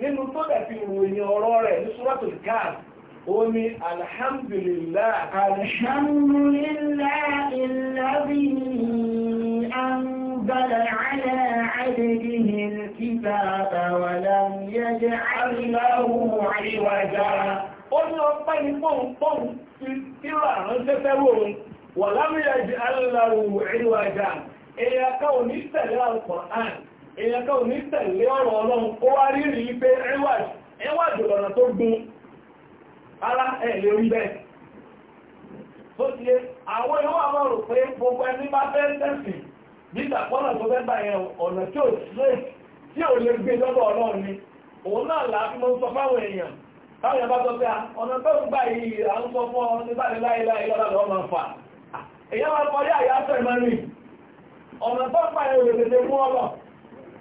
nínú tó dẹ̀fi ròyìn ọ̀rọ̀ rẹ̀ ní suratul Kahf ó ní alhamdulillah alhamdulillah alladhi anzala ala abdihi alkitaba wa lam yaj'al lahu 'iwaja ó ní ọpẹ́ ní pọ́npọ́n tí ránṣẹ́ fẹ́ wò wa lam yaj'al lahu 'iwaja èèyàn ká òní tẹ̀lé Al-Qur'an èèyàn kan ò ní tẹ̀lé ọ̀rọ̀ ọlọ́run ó wá rí rí pé ẹwàjò lọ́nà tó gún ara ẹ̀ lè rí bẹ́ẹ̀ tó ti yé àwọn ìwọ àwọn rò pé gbogbo ẹni bá fẹ́ tẹ̀sìn nígbà pọ́nà tó fẹ́ bá yẹn ọ̀nà tí ò straight tí ò lè gbé lọ́dọ̀ ọlọ́run ni òun náà là á fi mọ́ sọ fáwọn èèyàn táwọn èèyàn bá sọ pé ọ̀nà tó ń gbà yìí à ń sọ fún ọ nígbà ní láéláé lọ́dọ̀ lọ́wọ́ máa fà èèyàn máa kọrí àyà sọ ìmọ̀ rìn ọ̀nà tó ń gbà yẹn ò lè tètè mú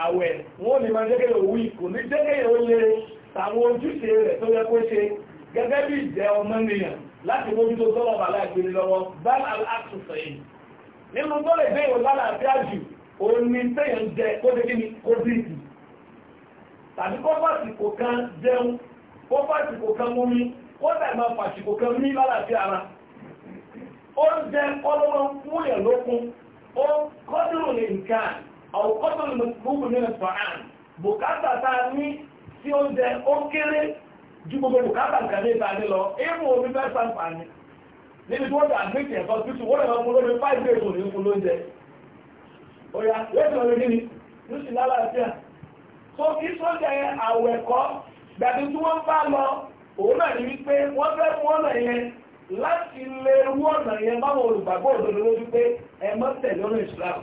àwẹ̀ wọ́n ni máa jẹ́kẹ́ òwú ìkò ní jẹ́kẹ́ ó lè tàwọn ojúṣe rẹ̀ tó yẹ kó ṣe gẹ́gẹ́ bí ìjẹ́ ọmọ nìyàn láti mójú tó tọ́lọ̀ bà láìpẹ́ lọ́wọ́ bá àtúnṣe yìí nínú tó lè gbé ìwọ̀n lálàáfíà jù òní tẹ́yàn jẹ kó ṣe kí ni kó dìtì tàbí kó fàṣìkò kan jẹun kó fàṣìkò kan mú mi kó dàgbà fàṣìkò kan mí lálàáfíà ara ó jẹ ọlọ́run fún èèyàn lókun ó kọ́dùrù ní nǹkan àwòkọ́tò gbogbo nínú fàán bùkátà tá a ní tí ó jẹ ó kéré ju gbogbo bùkátà nǹkan ní ìta ní lọ éèmù omi fẹ́ sàǹfààní níbi tí wọ́n ti àgbéjì ẹ̀kọ́ tuntun wọ́n lè máa fún lórí five days òní fún lóúnjẹ òyà yóò ti lọ́ọ́ gíní ló sì lálàáfíà so kí sóúnjẹ yẹn àwọ̀ ẹ̀kọ́ gbàdí tí wọ́n bá lọ òun náà ní wípé wọ́n fẹ́ fún ọ̀nà yẹn láti lè rú ọ̀nà yẹn báwọn olùgbàgbọ́ òdodo lójú pé ẹ mọ́ tẹ̀lé ọ̀nà ìsìlámù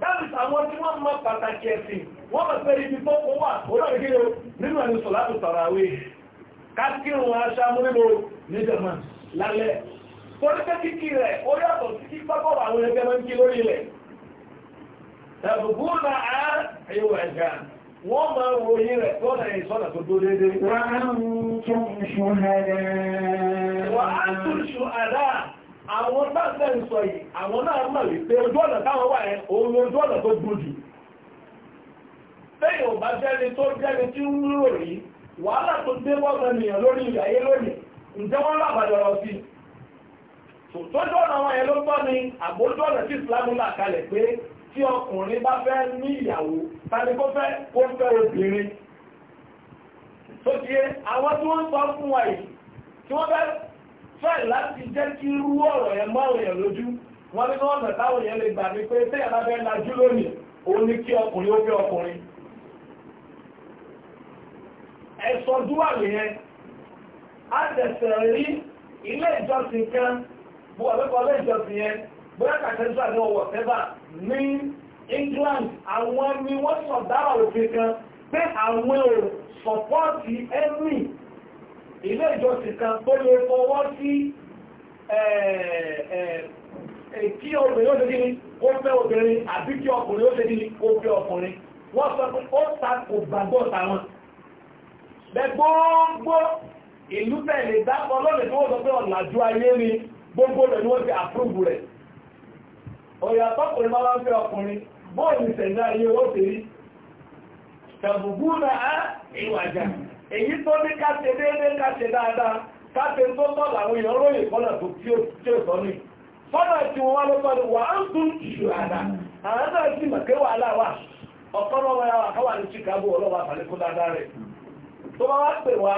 dáàbì àwọn tí wọ́n mọ pàtàkì ẹ̀sìn wọ́n mọ̀ pé ibi tó kó wà ó náà kí o nínú ẹni sọ láti sọ̀rọ̀ àwẹ̀ kákírun aṣá múlò nígbàmọ̀ lálẹ́ torí pé kíkí rẹ̀ ó yàtọ̀ sí kí pápọ̀ àwọn ẹgbẹ́ máa ń kí lórí ilẹ̀ ẹ̀bùkún náà á ẹ̀yọ̀ ẹ̀gá wọ́n máa ń ròyìn rẹ̀ tọ́nà ìsọ́nà tó dó dédé. wọ́n á tún ṣùhàdá. wọ́n àwọn bá ń sọ yìí àwọn náà mọ̀ wípé ojú ọ̀nà táwọn wà ẹ̀ òun ojú ọ̀nà tó gbó jù tẹ́yìn ọba jẹ́ni tó jẹ́ni tí ń rò rí wàhálà tó dé wọ́n ènìyàn lórí ilẹ̀ ayé lónìí ǹjẹ́ wọ́n lábàdàn ọ̀rọ̀ sí tójú ọ̀nà wọn yẹn ló gbọ́ ni àbójú ọ̀nà tí ìsìlámù là kalẹ̀ pé tí ọkùnrin bá fẹ́ ní ìyàwó tàbí kó fẹ́ kó fẹ́ obìnrin tó ti yé àwọn tí wọ́n sọ fún wa yìí tí wọ́n try láti jẹ́ kí ọ̀rọ̀ yẹn mọ́ òyìn lójú wọ́n ní wọ́n táwọn yẹn lè gbà ní pé tẹ́yà bá fẹ́ lajú lónìí òun ni kí ọkùnrin ó fẹ́ ọkùnrin ẹ̀sọ́ dúwàlù á tẹ̀sẹ̀ rí ilé kan ilé ìjọsìn yẹn bóyá kàtẹ́sà ni England àwọn ni wọ́n kan pé àwọn ò sọ̀pọ́ọ̀tì ilé ìjọsìn kan tó lè fọwọ́ sí kí obìnrin ni obìnrin àbí kí ọkùnrin ó ṣe kí ni ọkùnrin wọ́n sọ pé ó gbàgbọ́ tàwọn gbogbo ìlú tẹ̀lé dápọ̀ lọ́nà tí wọ́n sọ pé ọ̀làjú ayé ni gbogbo rẹ̀ ni wọ́n ti àpúrùbù rẹ̀ ọ̀yàtọ́kùnrin èyí tó ní káṣe déédéé káṣe dáadáa káṣe tó tọ́ làwọn èèyàn ròyìn kọ́nà tó tí ó sọ ní fọ́nà tí wọ́n wá ló sọ ní wà á ń tún jù àdá àwọn náà sì mọ̀ pé wà ya wà káwà ní Chicago ọlọ́wà àfàlékún dáadáa rẹ̀ tó bá wá pè wá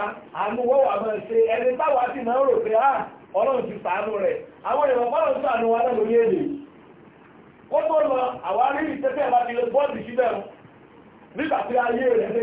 ti rẹ̀ àwọn èèyàn wa èdè ó tó lọ bá ti lè bọ́ọ̀dì síbẹ̀ nígbà tí ayé rẹ̀ ṣe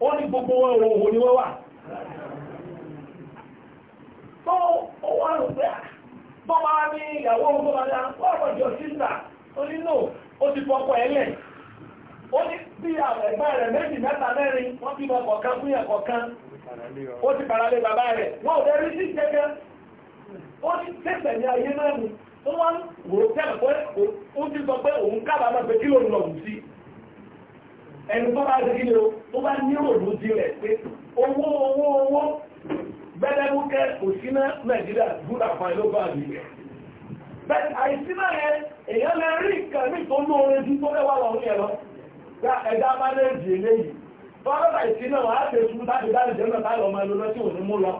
ó ní gbogbo wọn òhò ni wọ́n wà tó ó wà pé ah, tó ní ìyàwó ọgbọ́n bá ní àwọn ọjọ́ sísà ó ní nò ó ti fọkọ ẹlẹ̀ ó ní bí àwọn ẹ̀gbọ́n rẹ̀ méjì mẹ́ta mẹ́rin wọ́n kọ̀ọ̀kan fún yẹn kọ̀ọ̀kan ó ti paralé bàbá rẹ̀ wọ́n ò sí ó ní ní ayé náà ni wò ó tẹ́lẹ̀ pé ó ti sọ o tó bá ní òòlù rẹ̀ pé owó owó owó gbẹ́dẹ́gbúkẹ́ òsínà nàìjíríà gúdà fún ló bá mi bẹ́ẹ̀ àìsínà yẹn èèyàn lè rí nǹkan tó tó lẹ́wà lọ ní ẹ̀rọ gba ẹ̀dá eléyìí á ṣe fún jẹ́ náà táyọ̀ ọmọ sí mú lọ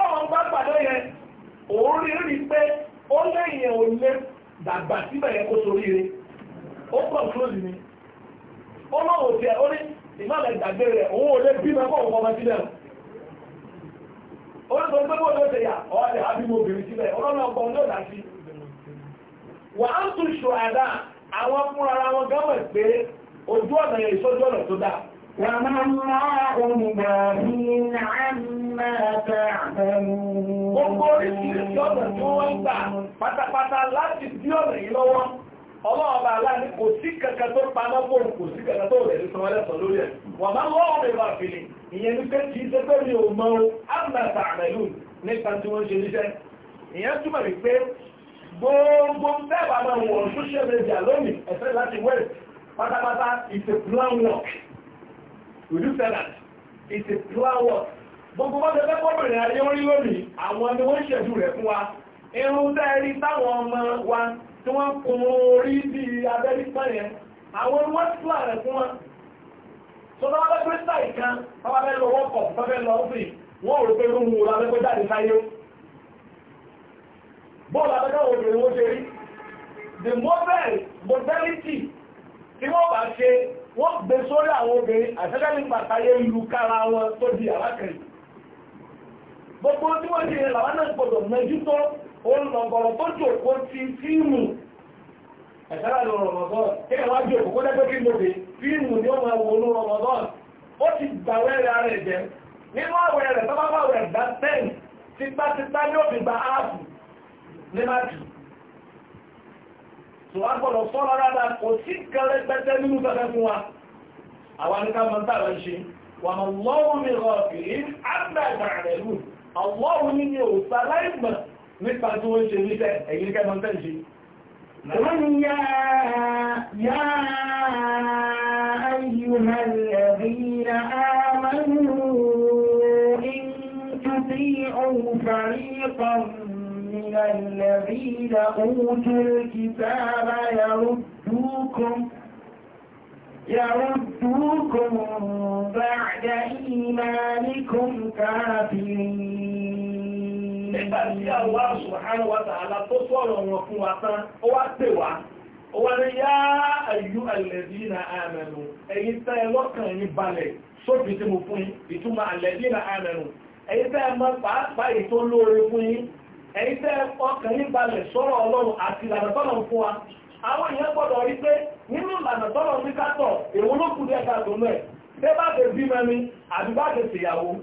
wọn pàdé yẹn òun rí rí pé ó lẹ́yìn ó náà ò tiẹ̀ ó ní ìmáàmù ìgbàgbé rẹ̀ òun ò lè bí ọmọ sílẹ̀ ó ní sọ pé bó ló ṣe yà ọ́ ẹ̀ á bí mo bèrè sílẹ̀ ọgbọ́n sí wà á tún ṣù àdá àwọn fúnra ara wọn pé ojú ọ̀nà yẹn ìṣojú ọ̀nà tó dáa gbà ọlọ́ọ̀bà aláàrin kò sí kankan tó paná fóònù kò sí kankan tó rẹ̀ nítorí ẹlẹ́sọ̀ lórí ẹ̀ wọ́n máa ń lọ́wọ́ mi máa fi ni ìyẹn ní pé kì í ṣe pé mi ò mọ o amnata àmẹ́lú nípa tí wọ́n ṣe níṣẹ́ ìyẹn túmọ̀ rí pé gbogbo tẹ́ẹ̀bà máa wọ̀ social media lónìí ẹ̀fẹ́ láti wẹ̀ pátápátá it's a plan work would you say that it's a plan work gbogbo bá tẹ́lẹ̀ pọ́bìnrin ayé orí lónìí àwọn ni wọ́n ṣẹ̀dú rẹ̀ fún wa irun tẹ́ẹ̀rí táwọn ọmọ wa tí wọ́n kun orí bí abẹ́ríkà yẹn àwọn wọ́n tí wà rẹ̀ fún wọn tó bá wọ́n pẹ́ sáì kan bábá bẹ́ẹ̀ lọ wọ́pọ̀ bábẹ́ lọ sí wọ́n rò pé lóhun wo abẹ́kọ́ jáde sáyé bóòlù abẹ́kọ́ obìnrin wọ́n ṣe rí the model modernity tí wọ́n bá ṣe wọ́n gbé sórí àwọn obìnrin àtẹ́kẹ́ nípa sáyé lu kára wọn tó di àlákẹ́rì gbogbo tí wọ́n ṣe làwọn náà gbọdọ̀ mẹjú tó olùmọ̀gbọ̀rọ̀ tó jòkó ti fíìmù ẹ̀sára lọ rọ̀mọ̀dán kí ẹwà jòkó kó dẹ́gbẹ́ kí lóde fíìmù ni ó máa wọnú rọ̀mọ̀dán ó ti gbàwẹ́ ara rẹ̀ nínú àwẹ̀ rẹ̀ tọ́bábà tipátipá ní òbí gba áàpù ní májì tó wá gbọ́dọ̀ sọ́ra kò sí kẹrẹ nínú fún wa àwọn ní tààrà ń ṣe lọ́wọ́ mi rọ̀ kìí mais partout يا يا ايها الذين امنوا ان تطيعوا فريقا من الذين أوتوا الكتاب يردوكم يردوكم بعد إيمانكم كافرين nígbà tí àwa wa ta'ala tó sọ̀rọ̀ wọn fún wa tán ó wá pè wá ó wá ní yá ayú alladhina amanu ẹ̀yin tẹ́ ẹ lọ́kàn balẹ̀ sóbi tí mo fún ìtumọ̀ tẹ́ ẹ mọ pàápàá ètò lóore fún tẹ́ ọkàn balẹ̀ ọlọ́run àti ìlànà tọ́lọ̀ fún wa àwọn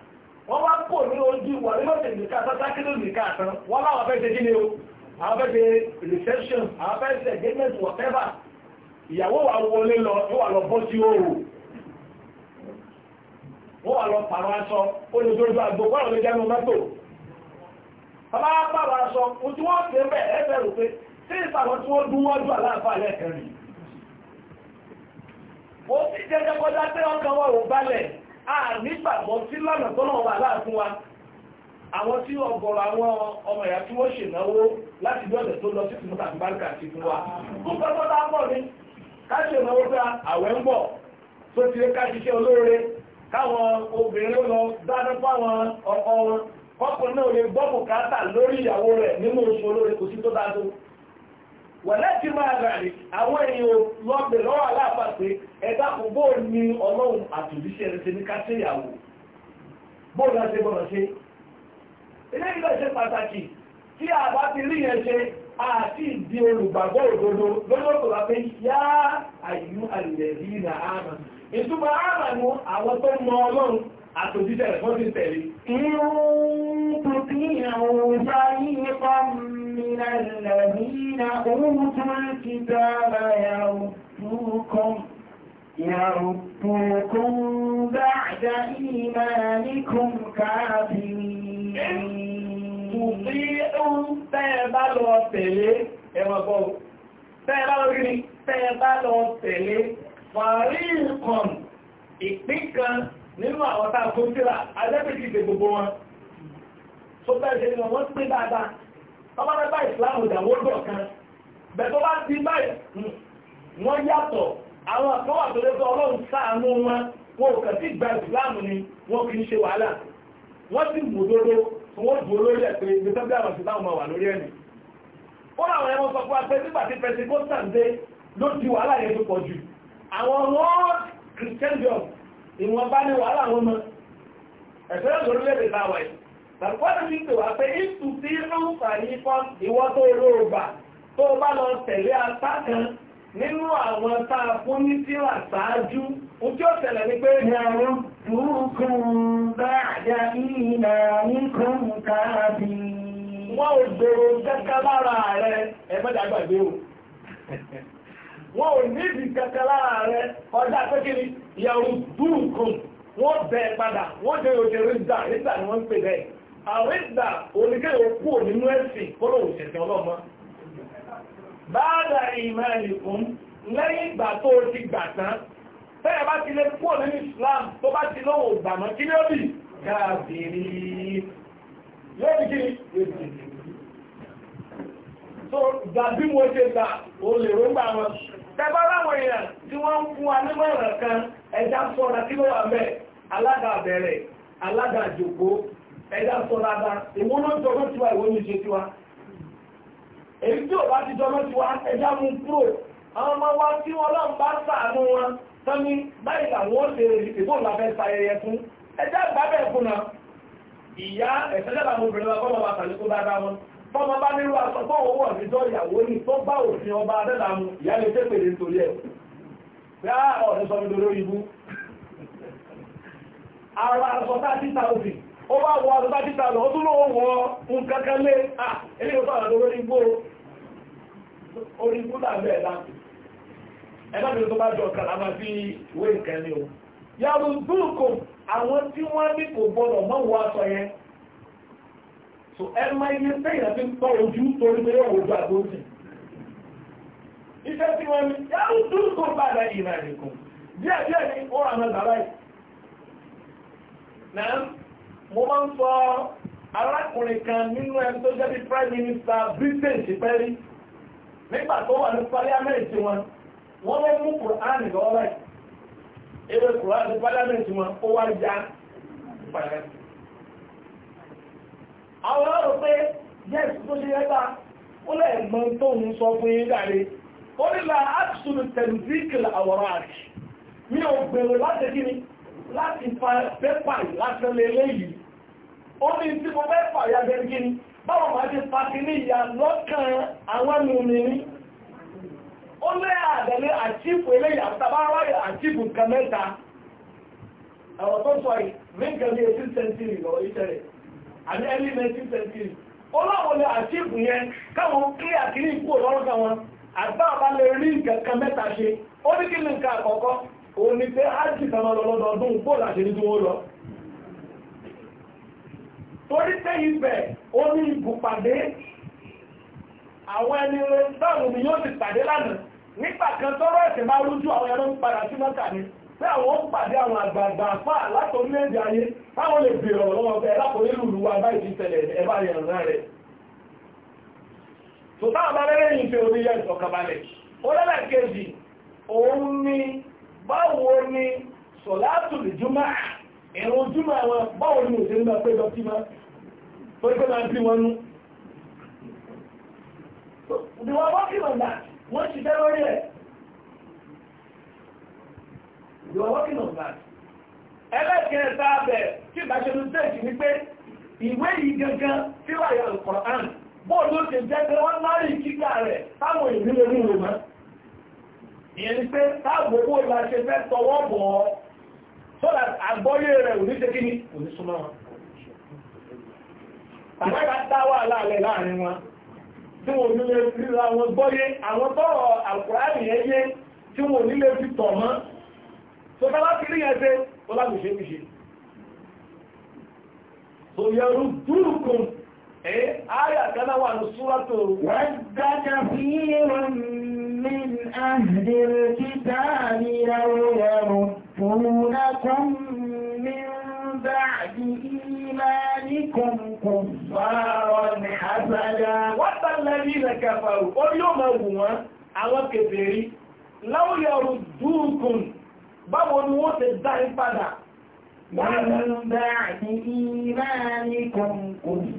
wọ́n wá kò ní ojú wà ní lọ́sẹ̀ ìdíkà sátákìlì ìdíkà tán wọ́n láwọn fẹ́ ṣe kí ni o àwọn fẹ́ ṣe reception àwọn fẹ́ ṣe engagement whatever ìyàwó wa wọlé lọ ó wà lọ tí ìsàwọn tí wọ́n dún wọ́n jù aláàfáà lẹ́ẹ̀kẹ́rin ó ti jẹ́ jẹ́kọjá tí ọkàn wọn ò balẹ̀ a nígbàgbọ́ sí lọ́nà tọ́nà ọba aláàfún wa àwọn tí ọgọ̀rọ̀ àwọn ọmọ ìyá tí wọ́n ṣènáwó láti bí ọ̀dẹ̀ tó lọ sí tìmọ́tà àti báńkà ti fún wa kó pẹ́pọ́ tá pọ̀ ní ká ṣènáwó pé àwẹ̀ ń bọ̀ tó ti ká ṣiṣẹ́ olóore káwọn obìnrin lọ dáná fáwọn ọkọ wọn kọ́kùnrin náà lè gbọ́ bùkátà lórí ìyàwó rẹ̀ nínú oṣù olóore kò sí wọ̀lẹ́tì máa rà rí àwọn èèyàn lọ́gbẹ̀ lọ́wọ́ aláàbà pé ẹ̀dá kò bó ní ọlọ́run àtòjíṣẹ́ rẹ̀ ṣe ní káṣíyàwó bó náà ṣe bọ́nà ṣe ilé ìlú ṣe pàtàkì tí a bá ti rí yẹn ṣe àti ìdí olùgbàgbọ́ òdodo lọ́lọ́tò lápé yá àyú àlẹ́rí nà áàmà ìtumọ̀ áàmà ni àwọn tó mọ ọlọ́run àtòjíṣẹ́ rẹ̀ fọ́n ti tẹ̀lé. Yàrùkùnkùn bàjá ìmánikùn káàkiri. Kùnfí ó ń tẹ́ bá lọ tẹ̀lé ẹwọ̀gbọ́. Tẹ́ bá lọ rí, tẹ́ bá lọ tẹ̀lé, wà rí ìpín kan nínú àwọn tá a kó síra alẹ́bẹ̀kì ìdè gbogbo wọn tó bẹ́ẹ̀ ṣe nínú wọn pín dáadáa ọmọdé bá ìsìláàmù ìdàwó dọ̀ kan bẹ̀tọ́ bá ti báyìí hmm. wọ́n yàtọ̀ àwọn àkọwà tó lé fún ọlọ́run sáànú wọn wọn ò kàn sí gba ìsìláàmù ni wọn kì í ṣe wàhálà wọ́n sì mú dodo wọ́n bù olórí ẹ̀ pé ìgbésẹ̀ bí àwọn ìsìláàmù wà lórí ẹ̀mí ó láwọn ẹ̀wọ̀n sọ fún apẹ́ nígbà tí pẹ̀sìkó sàǹdé ló ti wàhálà yẹn tó pọ̀ jù àwọn wọn kìrìsìtẹ́ńdíọ̀mù ìwọ̀n bá ní wàhálà wọn mọ́ ẹ̀fẹ́ lórílẹ̀-èdè láwà yìí tàbí fi pè wá pé ìtù tí ń fàyí fún ìwọ́ tó rò bà tó bá lọ tẹ̀lé apá kan nínú àwọn tá a fún ní tíra ṣáájú ojú ọ̀tẹ̀lẹ̀ ni pé ìyàwó dúkùn báàjá ìlà nìkan tàbí wọ́n ò wọn ò níbi kankan lára rẹ ọjà pékiri yàrá dúrùkùn wọn bẹ padà wọn jẹ òjò rídà rídà ni wọn ń pè bẹ́ẹ̀ àrídà oníkẹyọ kú nínú ẹsìn kọlọ òṣèṣin ọlọmọ báàdà ìmọ̀ ẹnìkún lẹ́yìn ìgbà tó o ti gbà tán bẹ́ẹ̀ bá ti lè kú nínú Islam tó bá ti lọ́wọ́ ògbàmọ́ kí ni ó bì káàbìrì yóò bí kí ni èdè so gbàgbí mo ṣe gbà ó lè rógbà wọn tẹ́bá láwọn èèyàn tí wọ́n ń fún anímọ̀ràn kan ẹja sọ́ra kí ló wà bẹ́ẹ̀ alága bẹ̀rẹ̀ alága àjòkó ẹja sọ́ra dá ìmúlójọ́gbọ́n tiwa ìwé mi ṣe tiwa èyí tí ò bá ti jọmọ́ tiwa ẹja mú kúrò àwọn ọmọ wa tí wọ́n lọ́n bá sàánú wọn tọ́ni báyìí làwọn ó ṣe ìbò làfẹ́ sayẹyẹ fún ẹja gbábẹ́ fún náà ìyá ẹ̀sẹ̀ lẹ́bàá mo bẹ̀rẹ̀ wọn kọ́ bọ́mọ bá nílò aṣọ tó wọ́wọ́ ìjọ ìyàwó ní tó bá òfin ọba adẹ́là mú ìyá lè tẹ́ pèlè nítorí ẹ̀ pé á ọ̀rẹ́ sọ nítorí ibú ara aṣọ tá títà òfin ó bá wọ aṣọ tá títà lọ ó tún ló wọ nǹkan kan lé ah ilé ìwọ̀n sọ̀rọ̀ lórí igbó orí igbó láàbẹ̀ ẹ̀dá ẹ̀dá mi tó bá jọ kàlà máa fi ìwé ìkẹ́ni o yàrá dúkùn àwọn tí wọ́n ní kò gbọdọ̀ mọ́ wọ aṣọ yẹn so ẹ máa yẹ sẹ́yìn àti tọ́ ojú torí pé yóò wojú àgbóǹsì iṣẹ́ tí wọ́n ní yàrá dúró tó padà ìrìn àjẹkù díẹ̀ díẹ̀ ní wọ́n àmọ́ bàbá yìí náà mo máa ń sọ arákùnrin kan nínú ẹni tó jẹ́ bí prime minister britain ṣe pẹ́ rí nígbà tó wà ní parliament wọn wọ́n ló mú kùránì lọ́wọ́ báyìí ewé kùránì parliament wọn ó wá já parliament àwọn ọ̀rọ̀ pé yes tó ṣe yẹ́ta ó lẹ́ ẹ̀gbọ́n tó ń sọ fún yín dáre ó absolute tẹ̀lifíkìlì àwòrán àti mi ò gbèrò láti kí ni láti fa pépà lásán lélẹ́yìí ó ní tí mo fẹ́ fà ya gẹ́gẹ́ kí ni báwo máa ti fa kí ní ìyá lọ́kàn àwọn ènìyàn ó lẹ́ àdẹ̀lẹ́ àtífù eléyìí àtàbáráyà àtífù kan mẹ́ta tó sọ yìí mí nǹkan àbí early 19th century ọlọ́wọ́ lè àṣíkù yẹn káwọn clear kí ní ipò lọ́rùn káwọn àgbà bá lè rí nǹkan mẹ́ta ṣe ó ní kí ní nǹkan àkọ́kọ́ òun ni pé ájì kan lọ lọ́dọọdún bó láṣẹ ní tí wọ́n lọ torí tẹ́yìn bẹ̀ ó ní ibùpàdé àwọn ẹni rẹ̀ báwọn ni yóò ti pàdé lánàá nígbà kan tọ́rọ ẹ̀sẹ̀ máa rújú àwọn ẹran padà sí mọ́ta ni pé àwọn ń pàdé àwọn àgbààgbà àfà látọ̀lẹ́dì ayé táwọn lè bèèrè ọ̀lọ́wọ́ pẹ́ lápòlé lùlù wa bá ìdí ìṣẹ̀lẹ̀ ẹ̀bá ìrànlá rẹ̀ tó bá abárẹ́rẹ́ yìí fi orí yẹ ìsọ̀kabalẹ̀ olẹ́lẹ̀kejì òun ni báwo ni sọ̀látù ìjúmọ́ ẹ̀rùn júmọ́ àwọn báwo ni òṣèlú máa pé lọ́tí máa tó ń pẹ́ máa bí wọn nú ìwọ̀n bá kí wọ́n gbà wọ́n ṣiṣẹ́ lórí ẹ̀ you are working on that ẹlẹ́kẹ̀ẹ́ta abẹ̀ tí ìbáṣẹ́lú tẹ́ẹ̀kì ní pé ìwé yìí gangan tí wà yà Al-Qur'an bóòlù ó ti jẹ́ pé wọ́n máa rí kíkà rẹ̀ táwọn ìlú lórí ìwé mọ́ ìyẹn ni pé táàbò owó ìlà ṣe fẹ́ tọwọ́ bọ̀ so that àgbọ́yé rẹ̀ ò ní ṣe kíni ò ní súnmọ́ wọn tàbí dáwà láàrẹ láàrin wọn tí wọ́n nílé fi ra wọn gbọ́yé àwọn tọ́rọ̀ Al-Qur'an yé tí wọ́n nílé fi tọ̀ mọ́ tó bá láti rí ẹsẹ̀ ó láti ṣe mí ṣe tó yẹrù dúrùkùn ẹ ayà kaná wà ní súrátò wọ́n dájá fi wọn من أهل الكتاب لو يردونكم من بعد إيمانكم كفارا حسدا والذين كفروا قل يوم أبوان àwọn kèfèrí láwọ́ yọrù dúkùn báwo ni wọ́n ti dá ń padà من بعد إيمانكم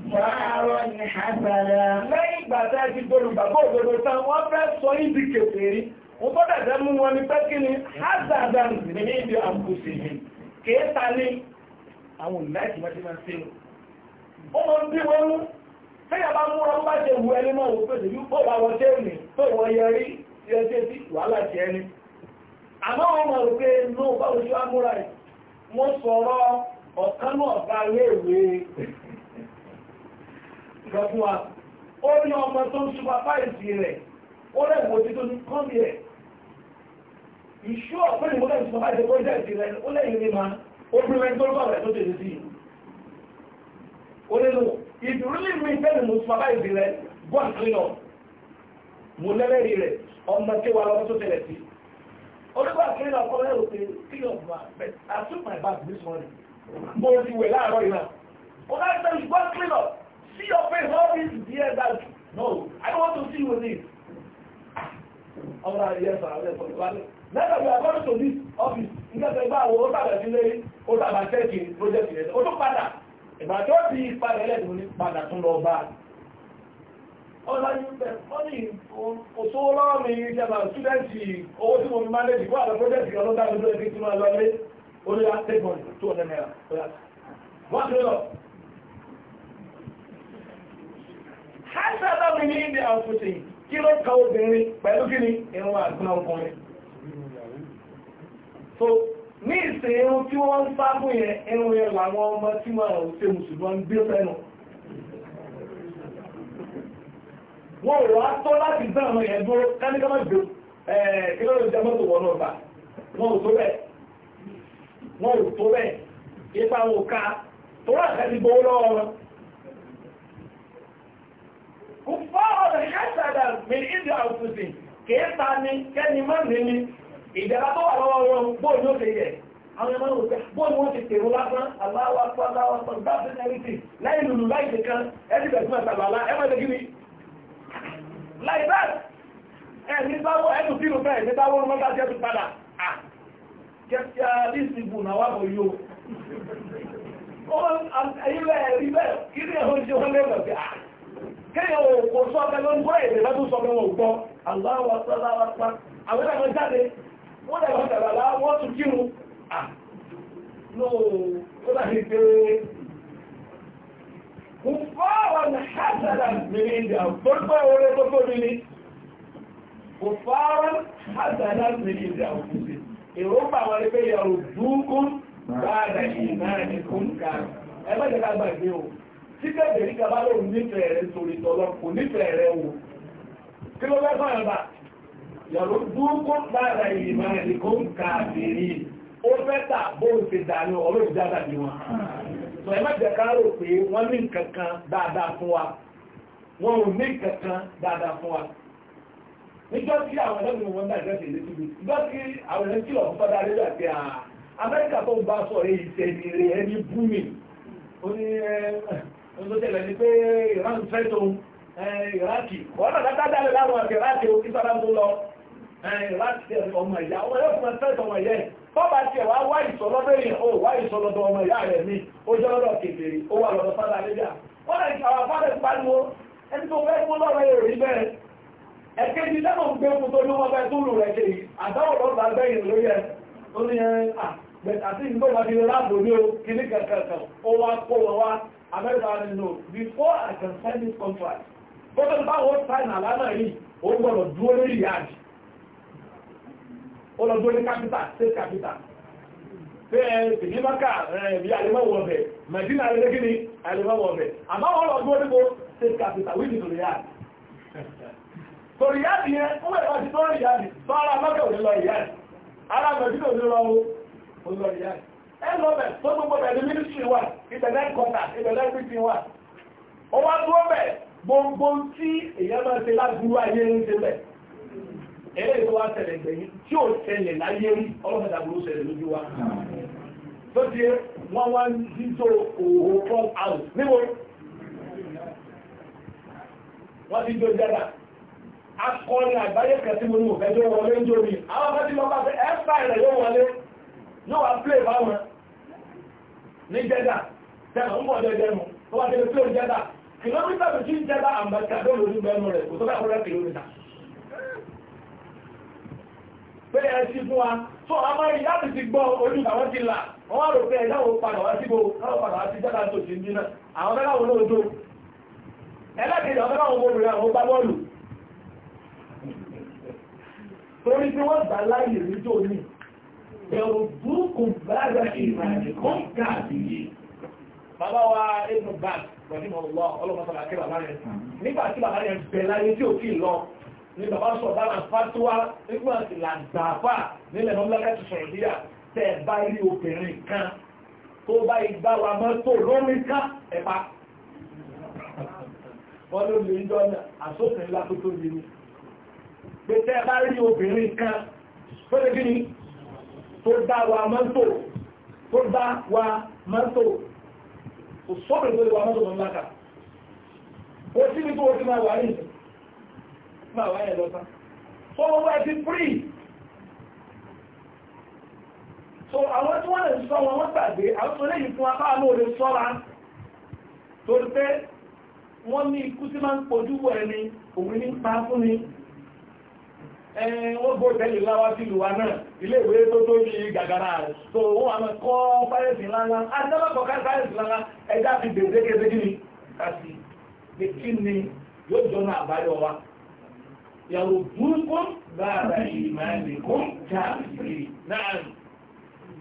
كفارا حسنا lẹ́yìn tí a ti gbọ́lùgbàgbọ́ wọ́n fẹ́ sọ ìdí kèfèrí wọ́n mú wọn ní pẹ́kí ni hazadan ní ibi àmkùsì yìí kéèta ní àwọn ìlẹ́kì wọ́n ti máa ṣe wọ́n mú fẹ́yà ẹni àmọ́ wọn mọ̀ pé ló bá oṣù amúra ẹ̀ mo sọ̀rọ̀ ọ̀kan náà bá léèwé gbọ́dún wa ó ní ọmọ tó ń ṣubá fáìsì rẹ̀ ó rẹ̀ mo ti tó ní kọ́mì rẹ̀ ìṣú ọ̀pẹ́ ni mo lẹ́yìn ṣubá fáìsì ó jẹ́ ìsìn rẹ̀ ó lẹ́yìn ní ma ó bí rẹ̀ tó lọ́wọ́ rẹ̀ tó tẹ̀lé sí ó lé lò ìdúrúlé mi fẹ́ ni mo ṣubá rẹ̀ bọ́ọ̀n clean up rẹ̀ ọmọ tí wà lọ́wọ́ tó tẹ̀lé sí onígbà kí ní ọkọ̀ lẹ́rù pé kí ní ọ̀gbà bẹ̀t I took my bag this morning mo ti wẹ̀ láàárọ̀ iná o náà sọ you go clean up see your face all this dear no I don't want to see you leave ọ̀rọ̀ ayẹyẹ sọ̀rọ̀ ayẹyẹ sọ̀rọ̀ wálé lẹ́tọ̀ bí according to this office nígbàtẹ̀ ìgbà àwọn ọ̀tàbẹ̀ sílé ó tàbà tẹ́kì project yẹn ó tún padà ìgbà tó ti padà ẹlẹ́dùn ní padà tún lọ bá a òṣòwò lọ́wọ́ mi ìjọba ṣúdẹ́ǹtì owó tí mo fi máa lẹ́jì fún àwọn pọ́jẹ́ǹtì ọlọ́dá mi lórí tí máa lọlé orí àtẹ́gbọ̀n tó ọ̀dẹ́ náírà ọ̀yá wọ́n ti lọ. ṣáṣá lọ́mí ní ilé àfúnṣe kí ló ka obìnrin pẹ̀lú kí ni irun àgbọn ọkùnrin. so ní ìsìn irun tí wọ́n ń sábùn yẹn irun yẹn làwọn ọmọ tí wọ́n ń ṣe mùsùlùmí gbé fẹ́ràn wọ́n wá tọ́ láti dá àwọn èèyàn dúró káníkàmá jù jẹ́ mọ́tò wọ́n náà ò tó rẹ̀ wọn ò tó ipa ni láì bẹ́ẹ̀ ẹni báwọ́ ẹnu sínú bẹ́ẹ̀ ní báwọ́ ọmọ bá jẹ́ tó padà à jẹ́ lísìbù náà wà bọ̀ yóò ẹ̀yìnlẹ̀ ẹ̀rí bẹ́ẹ̀ kí ní ẹ̀họ́ jẹ́ wọ́n lẹ́gbẹ̀ bí à kéèyàn ò kò sọ ọ̀tẹ́ ló ń gbọ́ èdè lọ́dún sọ wọn ò gbọ́ aláwọ̀ sọ́láwọ̀ pa àwọn ẹ̀rọ jáde wọ́n lẹ̀ wọ́n tẹ̀lá wọ́n tún kírun à lóòó tó dàbí pé kùfàárọ̀ hasada min indi àgbọ́gbọ́ orí gbogbo mi ni kùfàárọ̀ hasada min indi àgbọ́gbọ́ èròmbà wọn ni pé yàrá dúkún báadà ìmáàni kún kan ẹgbẹ́ ìjọba gbàgbé o títẹ̀ bèrè kaba ló nífẹ̀ẹ́ o sọ ẹ má jẹ́ ká rò pé wọ́n ní kankan kan dáadáa fún wa wọ́n ò ní nǹkan kan dáadáa fún wa níjọ́ tí àwọn ẹlẹ́gbẹ̀rún wọn bá ìrẹsì létí mi níjọ́ tí àwọn ẹlẹ́gbẹ̀rún kìlọ̀ fún bàbá rẹ̀ àti à amẹ́ríkà tó ń bá sọ̀rọ̀ èyí tẹ̀lé rẹ̀ ẹni bú mi ó ní ẹ ẹ tó tẹ̀lé ni pé bọ́bá tí ẹ̀wà wá ìsọlọ́dọ̀ èèyàn ó wá ìsọlọ́dọ̀ ọmọ ìyá rẹ̀ mi ó jẹ́ lọ́dọ̀ kèfèrè ó wà lọ́dọ̀ fádà lẹ́jà wọ́n lè ṣe àwọn fádà pariwo ẹni tó fẹ́ mú lọ́rọ̀ èrò rí bẹ́ẹ̀ ẹ̀kejì lẹ́mọ̀ ń gbé fún tó ní wọ́n fẹ́ tó lù rẹ̀ ṣe yìí àdáwọ̀ lọ́gbà gbẹ̀yìn lórí ẹ̀ ó ní ẹ̀ à bẹ̀tà sí ìgbó wọn ti láàbò ní o kìíní before I can sign this contract gbọ́dọ̀ báwo sign àlánà yìí ó gbọ́dọ̀ dúró lórí ó lọ dúró ní kápítà state capital pé ẹ tìníbákà ẹ̀bí àlèmọ́wọ̀ ọ̀bẹ̀ mẹ̀dínà rẹ̀ gíní àlèmọ́wọ̀ ọ̀bẹ̀ àmọ́ wọ́n lọ dúró níbo state capital wíjì tó ríyà tó ríyà ní ẹ ó wẹ̀ ọdí tó ríyà ní tó ara mọ́kẹ̀ òní lọ ríyà ara mẹ̀dínà òní lọ ó lọ ríyà ẹ lọ bẹ̀ tó gbogbo bẹ̀ ní ministry wa ìbẹ̀lẹ̀ kọta ìbẹ̀lẹ̀ pínpín wa ó wá dúró bẹ̀ gbogbo tí èèyàn máa ṣe láti dúró ayé ń ṣe bẹ̀ ẹ̀rẹ́ tó wá tẹ̀lẹ̀ gbẹ̀yìn tí ó tẹ̀lẹ̀ láyé rí ọlọ́pàá ló ṣẹlẹ̀ lójú wa tó ti wọ́n wá ń dídó òhò from out níbo wọ́n ti jó dára akọni àgbáyé kan tí mo ní òfẹ́ tó wọlé ń jó mi àwọn bá ti lọ bá fẹ́ ẹ́fà rẹ̀ yóò wọlé yóò wá plé báwọn ní jẹ́dà tẹ̀mọ̀ ń bọ̀ jẹ́jẹ́ mu tó wá tẹ̀lé plé jẹ́dà kìlómítà tó ti jẹ́dà àmọ́ ìtàdó lórí mẹ́nu rẹ̀ kò tó bá kọ́ra kìlómítà bẹ́ẹ̀ ẹ fún wa tó a máa rí láti ti gbọ́ ojú àwọn ti là wọ́n rò pé ẹ padà wá síbo káwọ́ padà wá sí jáde tó ti ń náà àwọn mẹ́ta wọn lóòótọ́ ẹlẹ́kejì àwọn mẹ́ta wọn àwọn gbá torí pé wọ́n gbà láàyè lójó ní ẹ̀rù burúkú bàbá ìrìnàjò kan ní bàbá sọ̀rọ̀ dára fatuwa nígbà tí làǹtàfà nílẹ̀ mọ́lákà ti sọ̀rọ̀ díà tẹ́ bá rí obìnrin kan tó bá igbá wa mọ́tò lórí ká ẹ̀pá wọ́n ló lè ń jọ àsókè ńlá tó tó lè ní pé tẹ́ bá rí obìnrin kan tó lè kí ni tó dá wa mọ́tò tó dá wa mọ́tò kò sọ́bìnrin tó lè wa mọ́tò mọ́lákà ó sí ní tó wọ́n ti máa wà ní ìsìn gbà wáyẹ̀ lọ́tán so wọ́n wá free so àwọn tí wọ́n sọ wọn wọ́n gbàgbé àwọn tó léyìn fún apá àmọ́ òde sọ́ra torí pé wọ́n ní ikú ẹni ni wọ́n bó tẹ́lẹ̀ láwá wa náà ilé ile tó to to gàgàrà gagara so wọ́n wà máa kọ́ fáyẹ̀sì fi ni ni wa يردوكم باب إيمانكم كافرين نعم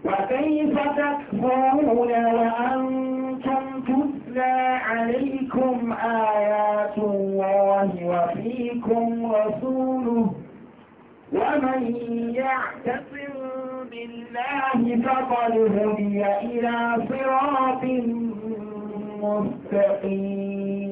وكيف تكفرون وأنتم تتلى عليكم آيات الله وفيكم رسوله ومن يعتصم بالله فقد هدي إلى صراط مستقيم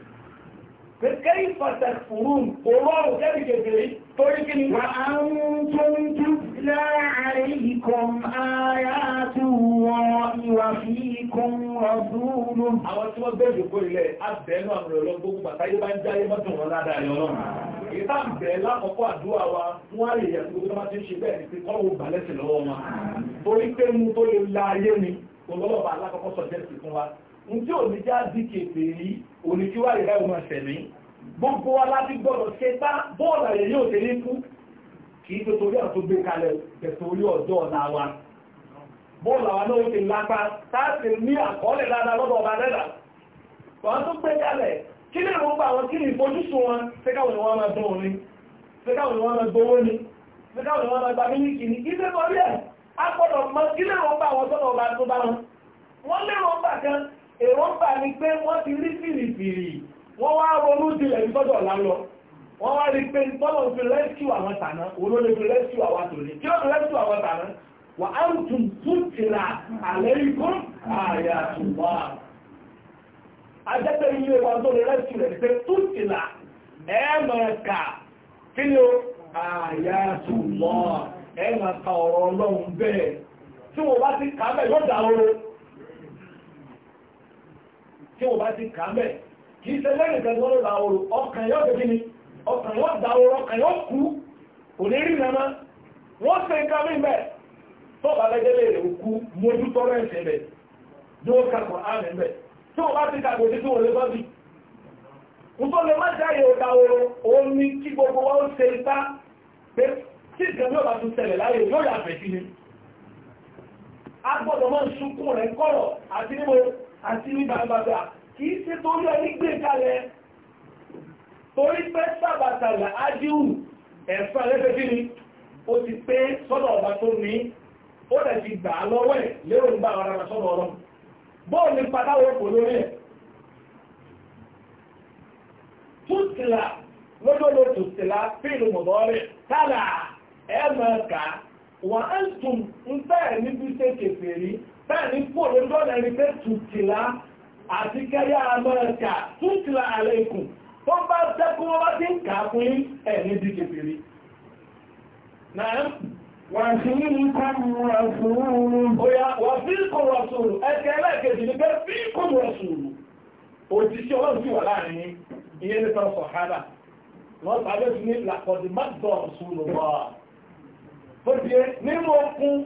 كيف تكفرون والله كذلك كفري طريق وأنتم تتلى عليكم آيات الله وفيكم رسوله àwọn tí wọ́n bẹ̀rẹ̀ kó ilẹ̀ abẹ́nu àmì ọ̀lọ́ gbogbo àtàyé bá ń jáyé mọ́tò wọn ládàá yọ náà ah. ìta ń bẹ̀ lákọ̀ọ́kọ́ àdúrà wa wọ́n á lè yẹ̀ tó gbogbo tó ṣe bẹ́ẹ̀ ti kọ́ òun balẹ̀sì lọ́wọ́ wọn ah. torí pé mú tó lè la ayé ni olólọ́ba alákọ̀ọ́kọ́ sọ̀jẹ́ sí fún wa ní tí ò ní já di kèfè rí òní kí wá ìrẹ́ ọmọ ṣẹ̀mí gbogbo wa láti gbọ́dọ̀ ṣe tá bọ́ọ̀lù àyè yóò ṣe ní kú kì í tó torí àtúgbé kalẹ̀ tẹ̀sán orí ọ̀dọ́ ọ̀la wa bọ́ọ̀lù àwọn náà ti lápá táàtì ní àkọọ́lẹ̀ dáadáa lọ́dọ̀ ọba dẹ́dà wọ́n tó gbé kalẹ̀ kí ní ìrùn bá wọn kí ní ìfojúsùn wọn fẹ́káwọn ni wọ́n máa dán orin fẹ́káwọn ni wọ́n máa gbówó ni fẹ́káwọn ni wọ́n máa gba mílíkì ní kí lẹ́nu orí ẹ̀ agbọ́dọ̀ mọ kí ní ìrùn bá wọn sọ́dọ̀ ọba tó bá wọn wọ́n lérò ọba kan èròǹgbà ni pé wọ́n ti rí fìrìfìrì wọ́n wá ronú tilẹ̀ ìtọ́jọ̀ lálọ wọ́n wá rí pé tọ́lọ̀ fi àwọn tàná fi rẹ́síù àwọn tòní kí ó fi àwọn tàná wà á tún tún tìlà àlẹ́ ikún ààyè ajẹ́pẹ́ ilé wa tó lè rẹ̀ pé tún tìlà kí ni ó ọ̀rọ̀ ọlọ́run bẹ́ẹ̀ tí wọ́n bá ti kà tí wọ́n bá ti kà mẹ́ kìí ṣe lẹ́rìn tẹ́lú wọ́n ra oòrùn ọkàn yóò bẹ̀bí ni ọkàn yóò dá oòrùn ọkàn yóò kú kò ní rí nàmá wọ́n ṣe ń kárí mẹ́ tó bá lẹ́gẹ́lẹ́ rẹ̀ kú mójú tọ́rọ ẹ̀ṣẹ̀ rẹ̀ ní ó kàkọ̀ ààrẹ mẹ́ tí wọ́n bá ti kàkọ̀ sí tí wọ́n lè bọ́bí nǹkan lè má jáyé ọ̀dà oòrùn òun ni kí gbogbo wa ó ṣe ipá pé tí ìgbẹ̀mí ọ̀bá tún ṣẹlẹ̀ láyé yóò yà fẹ̀ sí ni a gbọ́dọ̀ máa ń sunkún rẹ̀ kọ́rọ̀ àti níbo àti ní gbàgbàgbà kì í ṣe torí ẹni gbé kalẹ̀ torí pé sábàtàlà ájíhù ẹ̀fẹ́ alẹ́fẹ́ kí ni ó ti pé sọ́dọ̀ ọba tó ní ó lẹ̀ ti gbà á lọ́wọ́ ẹ̀ lérò ń bá ara rẹ̀ sọ́dọ̀ ọlọ́run bóò ní padàwọ̀ kò lórí ẹ̀ tùtìlà lójóló tùtìlà fíìlù mọ̀dọ́rì tálà ẹ̀ mọ̀ ká wọ́n á tún ń bẹ́ẹ̀ níbi ṣe kèfèrí bẹ́ẹ̀ ní pò lórí lọ́nà ẹni pé tùtìlá àti kẹ́rí àmọ́ẹ̀kà tùtìlá àlẹ́ ikùn tó bá tẹ́kún wọ́n bá ti ń kà fún ẹ̀ní díje fèrè Òjíṣẹ́ ọlọ́run sí wà láàrin iye nípa sọ̀hálà, wọ́n tàbí ní nínú okun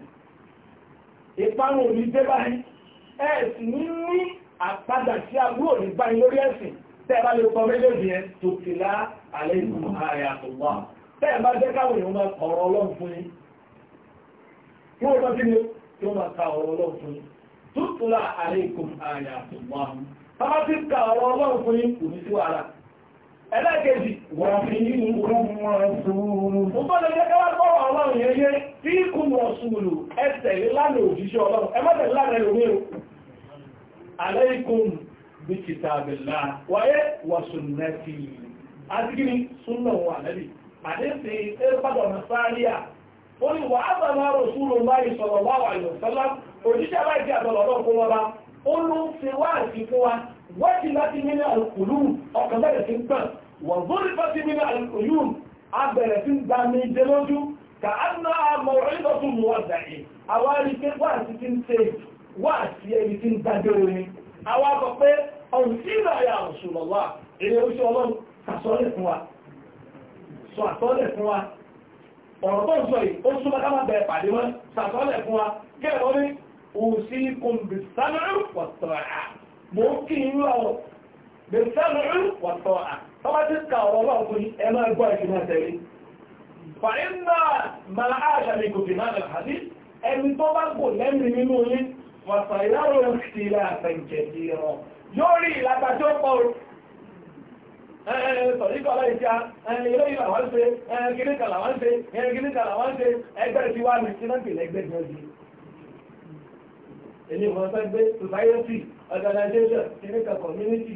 ìparun òní dé báyìí ẹ̀sìn ní ní àpadà sí àbúrò òní báyìí lórí ẹ̀sìn tẹ́ẹ̀bá lè kọ méjèèjì yẹn tó ti lá àlẹ́ ìlú àyàtọ̀wà tẹ́ẹ̀bá jẹ́ káwọn èèyàn máa kọ ọ̀rọ̀ ọlọ́run fún yín kí wọ́n tọ́jú ní kí wọ́n máa ka ọ̀rọ̀ ọlọ́run fún yín ọlọ́run fún yín tí kò mọ̀ ṣùgbùlù ẹsẹ̀ lánà òjíṣẹ́ ọlọ́run ẹmọ́tẹ̀ lánà ẹlòmí o aláìkún bí kìtàbìlá wáyé wọ̀sùnmẹ́sì adígírí súnmọ̀ wọn àlẹ́bì àdínsì ẹgbàdọ̀ nasáríà ó ní wà á wa bẹ̀rẹ̀ sí ka mọ̀rẹ́dọ̀tù na àwọn arìkẹ́ wà sí ti ń ṣe waa sí ẹni tí ń dájọ́ ni àwọn akọ̀ pé ọ̀hún sí ìràyà Rasulullah èyí oṣù ọlọ́run sàsọ́lẹ̀ fún wa sọ àsọ́lẹ̀ fún wa ọ̀rọ̀ tó ń sọ yìí ó súnmọ́ ká fàínà máa àṣà ní kòfì náà lè hàdí ẹni tó bá kò lẹ́mì nínú yín fàtàìláwò sí ilẹ̀ àtẹ̀jẹ̀ sí ọ yóò rí ìlàta tí ó pọ̀ Sọ̀ríkọ̀ láì tí a, ilé ìlà wá ń ṣe, gíníkà là wá ń ṣe, gíníkà là wá ń ṣe, ẹgbẹ́ ti wá ní sínú community,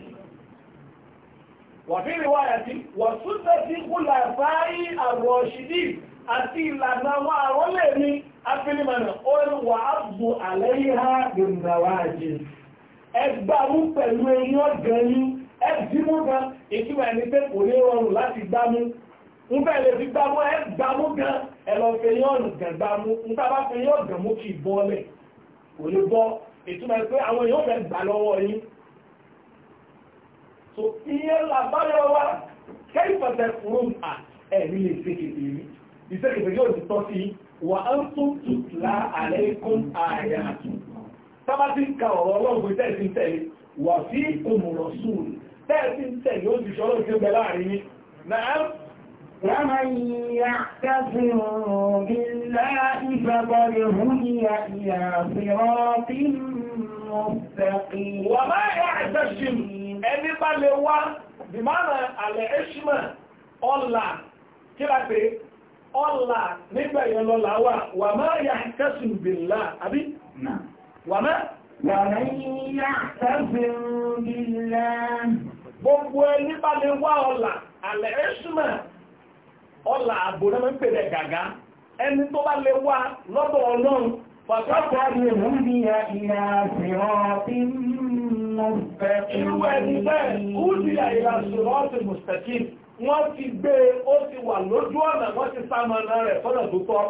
wàfí ìwáyàtí wàsúnṣẹ́ sí kúlà fáyí àrọ̀ ṣìdí àti ìlànà àwọn àrọ́lẹ̀ ní afínimọ̀nà olùwà ápù àlẹ́yìnhá gbìndàwájì ẹgbàmú pẹ̀lú eyín ọ̀gẹ̀ni ẹgbìmú gan ìtumọ̀ ẹni pé kò ní rọrùn láti gbámú ń bẹ́ẹ̀ lè fi gbámú ẹgbàmú gan ẹlọ́fẹ́ yọ̀nù gẹ̀gbàmú ń tábà fi yọ̀gẹ̀mú kì í bọ́ọ̀lẹ̀ kò ní bọ́ ìtumọ̀ pé tó iye làbáyọ wa kẹ́yìnfẹ̀sẹ̀ fún ẹ̀rí lè ṣe kèfè rí iṣẹ́ kèfè yóò ti tọ́ sí wà á ń tún tutla alaykum ayatu tábàtí ń ka ọ̀rọ̀ ọlọ́run pé tẹ́ẹ̀sì ń tẹ̀lé wà sí òmùrọ̀sùn tẹ́ẹ̀sì ń tẹ̀lé ó ti ṣọ́lọ́ sí ọgbẹ̀ láàrin yìí ومن يعتصم بالله فقد هدي إلى صراط مستقيم وما يعتصم ẹni bá lè wá dìmánà àlẹ́ ọla ọ̀là kí la pé ọ̀là nígbà yẹn lọ làwà wà má yà kẹsùn bìlá àbí gbogbo ẹni bá lè wá ọ̀là àlẹ́ ẹ́ṣímà ọ̀là gaga gàgá ẹni tó bá lè wá lọ́dọ̀ ọlọ́run Irú ẹni bẹ́ẹ̀, ó di àìlà ṣòrọ́ọ̀tì mùsùtẹ̀kì, wọ́n ti gbé e, ó ti wà lójú ọ̀nà wọ́n ti sáàmàna rẹ̀ fọ́nà tó tọ́.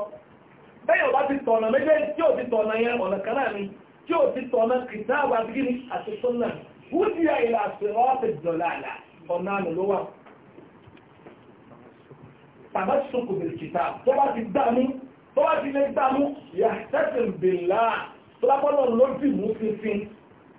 Bẹ́yọ̀ bá ti tọ̀nà méjèèjì tí ò ti tọ̀nà yẹn ọ̀nà kan náà ni, tí ò ti tọ̀nà kìtàbà gíní àti sọ́nà. Ó di àìlà ṣòrọ́ọ̀tì dọ̀làlà ọ̀nà àná ló wà. Tàbá ti sọ́kò bèrè kìtà, tó bá ti dàmú, tó bá ti lè dàmú, yà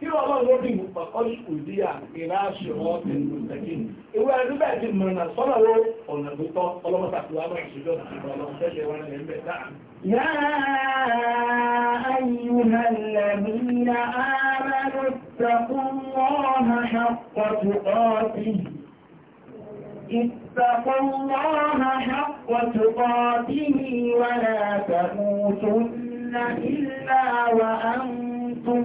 kí ọlọ́run ó dìbò pàkọ́lù òdíyà ìráṣẹ̀ ọ̀tẹ̀ ìgbòsẹ̀kì ìwé ẹ̀rúbẹ̀ ti mọ̀nà sọ́nà wo ọ̀nà tó tọ́ ọlọ́mọ́sàkùwà náà ìṣèjọ́ ìṣèjọ́ ọlọ́run tẹ́lẹ̀ wọn lẹ́mẹ̀ dáa. يا أيها الذين آمنوا اتقوا الله حق تقاته اتقوا الله حق تقاته ولا تموتن إلا وأنتم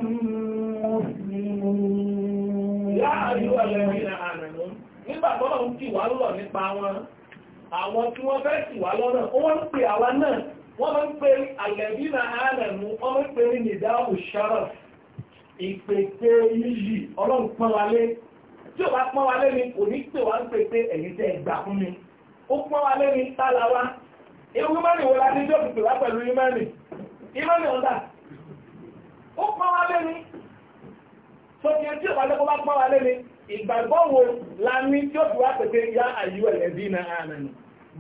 láàrin ọ̀lẹ́rìn àrẹ̀mú nígbà tọ́lọ̀ ń kì wá lọ́rọ̀ nípa wọn àwọn tí wọ́n fẹ́ kì wá lọ́rọ̀ wọ́n ń pè àwa náà wọ́n máa ń pè àlẹ́rìn àrẹ̀mú wọ́n máa ń pè ní nìdá òṣàrọ̀ ìpèpè yíyí ọlọ́run pọ́n wálé tí ò bá pọ́n wálé ni kò ní pè wá ń pèpè ẹ̀yìn tẹ́ gbà fún mi ó pọ́n wálé ni tálá wá ewu mẹ́rin wo la ti jọ́ pèpè wá pẹ̀lú imẹ́rin imẹ́rin ọ̀dà ó pọ́n wálé ni tó ti ẹjí ìpàdẹ́kọ́ bá pọ́n wa lẹ́ni ìgbàgbọ́ wo la ní tí ó fi wá pèpè ya àyú ẹ̀lẹ́bí na àmàlù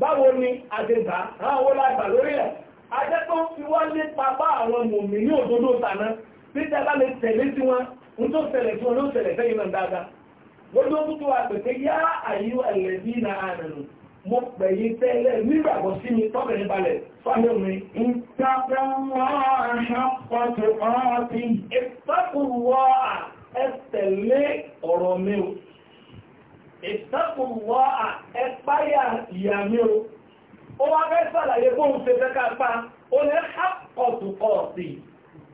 báwo ni àdébà àwọn wo la gbà lórí ẹ̀ adẹ́kọ́ fi wọ́n ní papá àwọn mòmí ní òdodo tàná bí tẹ́ bá lè tẹ̀lé sí wọn ń tó ṣẹlẹ̀ sí wọn ló ṣẹlẹ̀ sẹ́yìn náà dáadáa gbogbo tó tó wá pèpè ya àyú ẹ̀lẹ́bí na àmàlù mo pè yí tẹ́lẹ̀ nígbàgbọ́ sí mi tọ́bẹ̀rẹ̀ balẹ̀ fáwọn mi. ìtàkùn wọ́n àṣàpọ̀ tó kọ́ ọ́ sí. ìtàkùn wọ́n ẹ tẹ̀lé ọ̀rọ̀ mi o ìtàkùnwọ́ ẹ̀páyà ìyà mi o ó wá fẹ́ sàlàyé bóun ṣe fẹ́ ká pa ó ní àkọ̀tùkọ̀ọ̀sì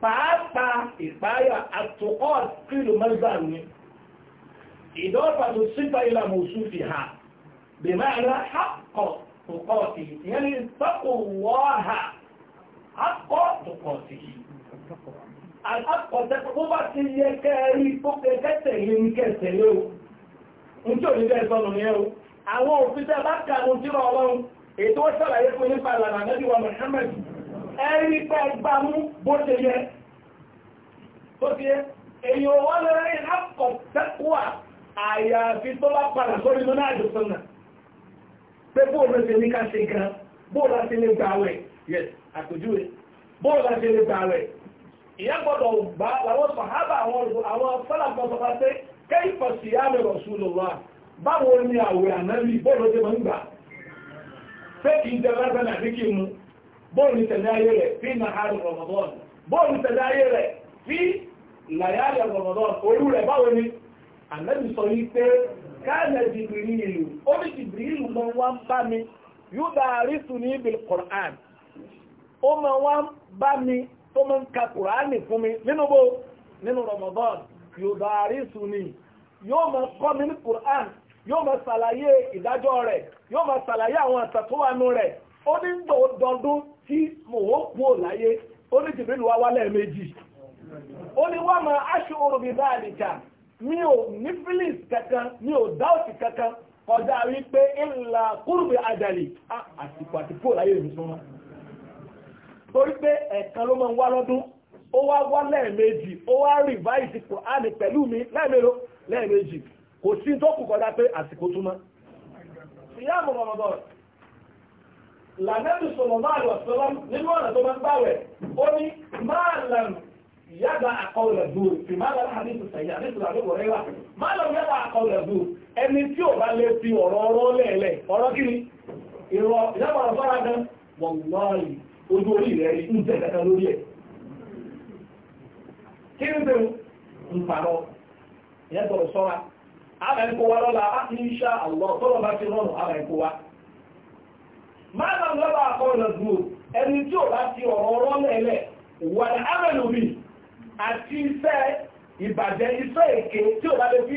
pàápàá ìpáyà àtùkọ̀ọ̀sì kìlò mẹ́gbà ni ìdọ́pàtò sípa ìlà alákọ̀ọ́tẹ́ tó bá ti yẹ kẹ́ẹ̀rí tó kẹ́kẹ́tẹ̀ yìí ní kẹ́ẹ̀tẹ̀ lé o ní tí ò ní bẹ́ẹ̀ sọ́nù ní ẹ̀rọ àwọn òfin tẹ́ bá kàánú tí ó ọlọ́run ètò ó ṣàlàyé fún nípa ìlànà àmẹ́bí wa Muhammad ẹ̀rí pẹ́ gbá mú bó ṣe yẹ tó ti yẹ èyàn wá lẹ́rẹ́ alákọ̀ọ́tẹ́kùwà àyàfi tó bá padà sórí mọ́nà àjọsọ́nà pé bóòlù ṣe ní ká ṣe gan bóòlù ṣe lè gbà wẹ̀ yes àpèjúwe bóòlù ṣe lè gbà wẹ̀ ìyẹn gbọ́dọ̀ gbá làwọn sàhábà àwọn fẹ́làgbọ́sọ̀fà pé kẹ́yìnfọ̀ sí àmì Rasulullah báwo ni àwẹ̀ ànábì bóòlù tí wọ́n ń gbà pé kì í jẹ lásán àti kí mu tẹ̀lé ayé rẹ̀ fi nàhárì Ramadan fi na ni mi ó máa ń ka kùránì fún mi nínú bó nínú Ramadan yóò bá rí sùn ni yóò máa kọ́ mi ní kùránì yóò máa ṣàlàyé ìdájọ́ rẹ̀ yóò máa ṣàlàyé àwọn àtàtúwànú rẹ̀ ó ní ń gbòó dọdún tí mò ó kú ò láyé ó ní jìbìlì wá wálẹ̀ méjì ó ní wọ́n máa aṣọ oròbí bá àdìjà mi ò ní phyllis kankan mi ò dáòtì kankan kọjá wípé ńlá kúrùbí àjàlì ah, àsìkò àti ò láyé ìrùsùn torí pé ẹ̀kan ló máa ń wá lọ́dún ó wá wá lẹ́ẹ̀mejì ó wá rìváìsì ní pẹ̀lú mi lẹ́ẹ̀mélòó lẹ́ẹ̀mejì kò sí tó kù kọjá pé àsìkò túmọ̀ síyáàmù rọ̀mọ̀dọ̀ lànàbì sọ̀rọ̀ máa lọ sọ́lọ́ nínú ọ̀nà tó máa ń ó ní máa àkọọ̀lẹ̀ dùn fi máa lọ láti rẹ̀ máa yàgbà àkọọ̀lẹ̀ dùn ẹni tí ò bá lè fi ọ̀rọ̀ ọ̀rọ̀ ọ̀rọ̀ ìrọ̀ ọ̀fọ́ra gan ojú orí rẹ̀ rí ń tẹ̀ lórí ẹ̀ kí ní pé ń parọ́ ìyẹn sọ́ra àmà ẹ̀kọ́ wa lọ́la á ní iṣẹ́ àwọ̀ bá ti rọrùn àmà ẹ̀kọ́ wa máa nà lọ́la àkọ́ ìlọ̀dùn ẹni tí ò bá ti ọ̀rọ̀ ọ̀rọ̀ wà ní àti iṣẹ́ ìbàjẹ́ iṣẹ́ èké tí ò bá lè fi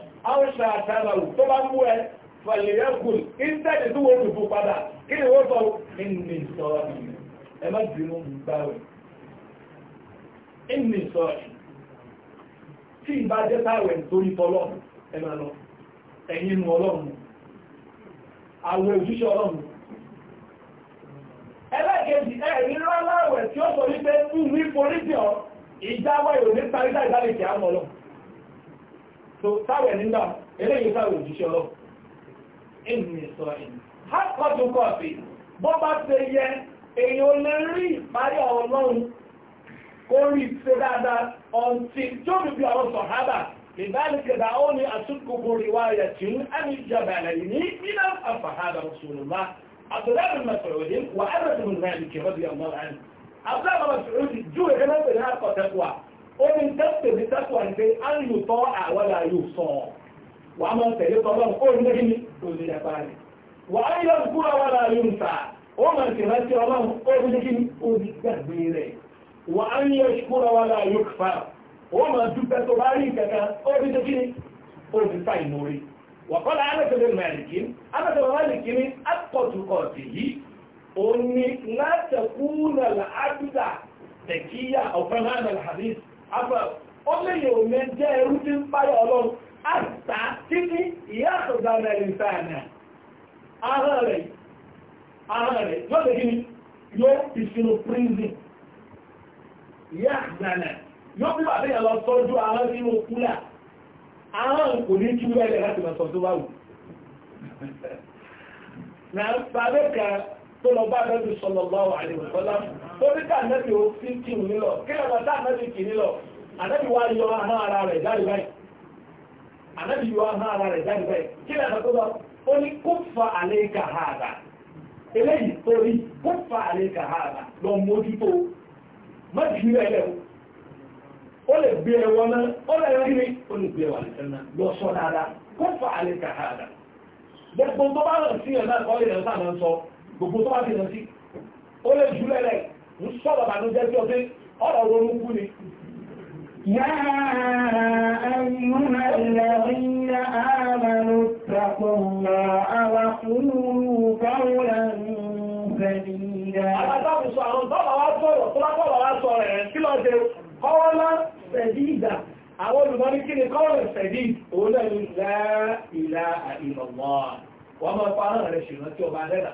áwọ̀ṣà àtàràwò tó bá mú ẹ fàlẹ̀yẹ́kùn ìsẹ́ẹ̀dì tí wọ́n dùbò padà kí ni wọ́n sọ ìnì sọ̀rọ̀ ẹ má dìrú gbáwẹ̀ ìnì sọ̀rọ̀ tí ìbá jẹ́ táwẹ̀ nítorí tọlọ́run ẹ máa lọ ẹ̀yìn inú ọlọ́run àwọn òjíṣẹ́ ọlọ́run ẹlẹ́gẹ̀ẹ́jì ẹ̀rí rọ́láwẹ̀ tí ó sọ wípé fún mi forí ìjáwá yóò ní parí láìdáríkì àmọ́ ọlọ́run so sáwẹ̀ nígbà eléyìí sáwẹ̀ òjíṣẹ́ ọlọ́ ènìyàn sọ ẹ̀yìn hákọ́tún kọ́ọ̀fì bọ́ bá ṣe yẹ èyàn lè rí ìparí ọlọ́run kó rí ṣe dáadáa ọ̀ntí tó bí bí àwọn sọ̀hábà ìbánikẹ̀dà ó ní àtúnkùkù ríwá rẹ̀ tí ń ẹni jẹba ẹ̀lẹ́yìn ní nínú àfàhàdà òṣùlùmá àtúndàbìn mẹ́sọ̀rọ̀dé wà ẹ̀rọ̀ ó ní tẹ́sítẹ̀ bí tẹ́sítẹ̀ wà ní pé á ń lò tọ́ àwọ́dà yóò sọ wà á máa ń tẹ̀lé tọ́ lọ́nà ó ní lẹ́yìn ní òní ìjàpá rẹ̀ wà á yọ kúrò àwọ́dà yóò ń ta ó máa ń tẹ̀lé tí ọlọ́run ó ní lẹ́yìn ní òní gbàgbé rẹ̀ wà á yọ kúrò àwọ́dà yóò fà òní ta ìmúrí wàkọ́lá alẹ́tẹ̀lẹ́ mẹ́rìkì alẹ́tẹ̀lẹ́ mẹ́rìkì ní akọ̀tùkọ̀tì afọ ome léyè ome jẹ́ ẹrú tí ń páyọ̀ ọlọ́run àtà kí ní ìyá àtọ̀gbà mẹ́rin sáànà ara rẹ̀ ara rẹ̀ yóò lè kí ni yóò ìṣirò prison ìyá àgbàna yóò tó lọ bá nẹ́bí sallallahu alaihi wasallam tó ní ká nẹ́bí ó fi kì ní lọ kí lọ́nà tá nẹ́bí kì ní lọ ànẹ́bí wá yọ ahọ́n ara rẹ̀ jáde báyìí ànẹ́bí yọ ahọ́n ara rẹ̀ jáde báyìí kí lọ́nà tó lọ ó ní kó fa fa lọ mójútó má rẹ̀ lẹ́wọ̀ ó lè gbé o náà ó lè rí ní ó lè gbé ẹwà lọ sọ dáadáa kó fa gbogbo tó bá sí ẹ̀ náà gbogbo tó wá ti lọ sí ó lè jù lẹ́lẹ̀ ń sọ̀rọ̀ bànújẹ́ sí ọdún ọ̀rọ̀ ronú kú ni. يا أيها الذين آمنوا اتقوا الله وقولوا قولا سديدا. Àbájáde sọ àwọn tọ́lọ̀ wá sọ̀rọ̀ tó lápọ̀lọ̀ wá sọ̀rọ̀ ẹ̀ kí lọ ṣe kọ́wọ́lá sẹ̀dídà. Àwọn olùmọ́ní kí ni kọ́wọ́lá sẹ̀dí òun náà ni la ilaha illallah. Wọ́n máa pa ara rẹ̀ ṣèrántí ọba dẹ́dà.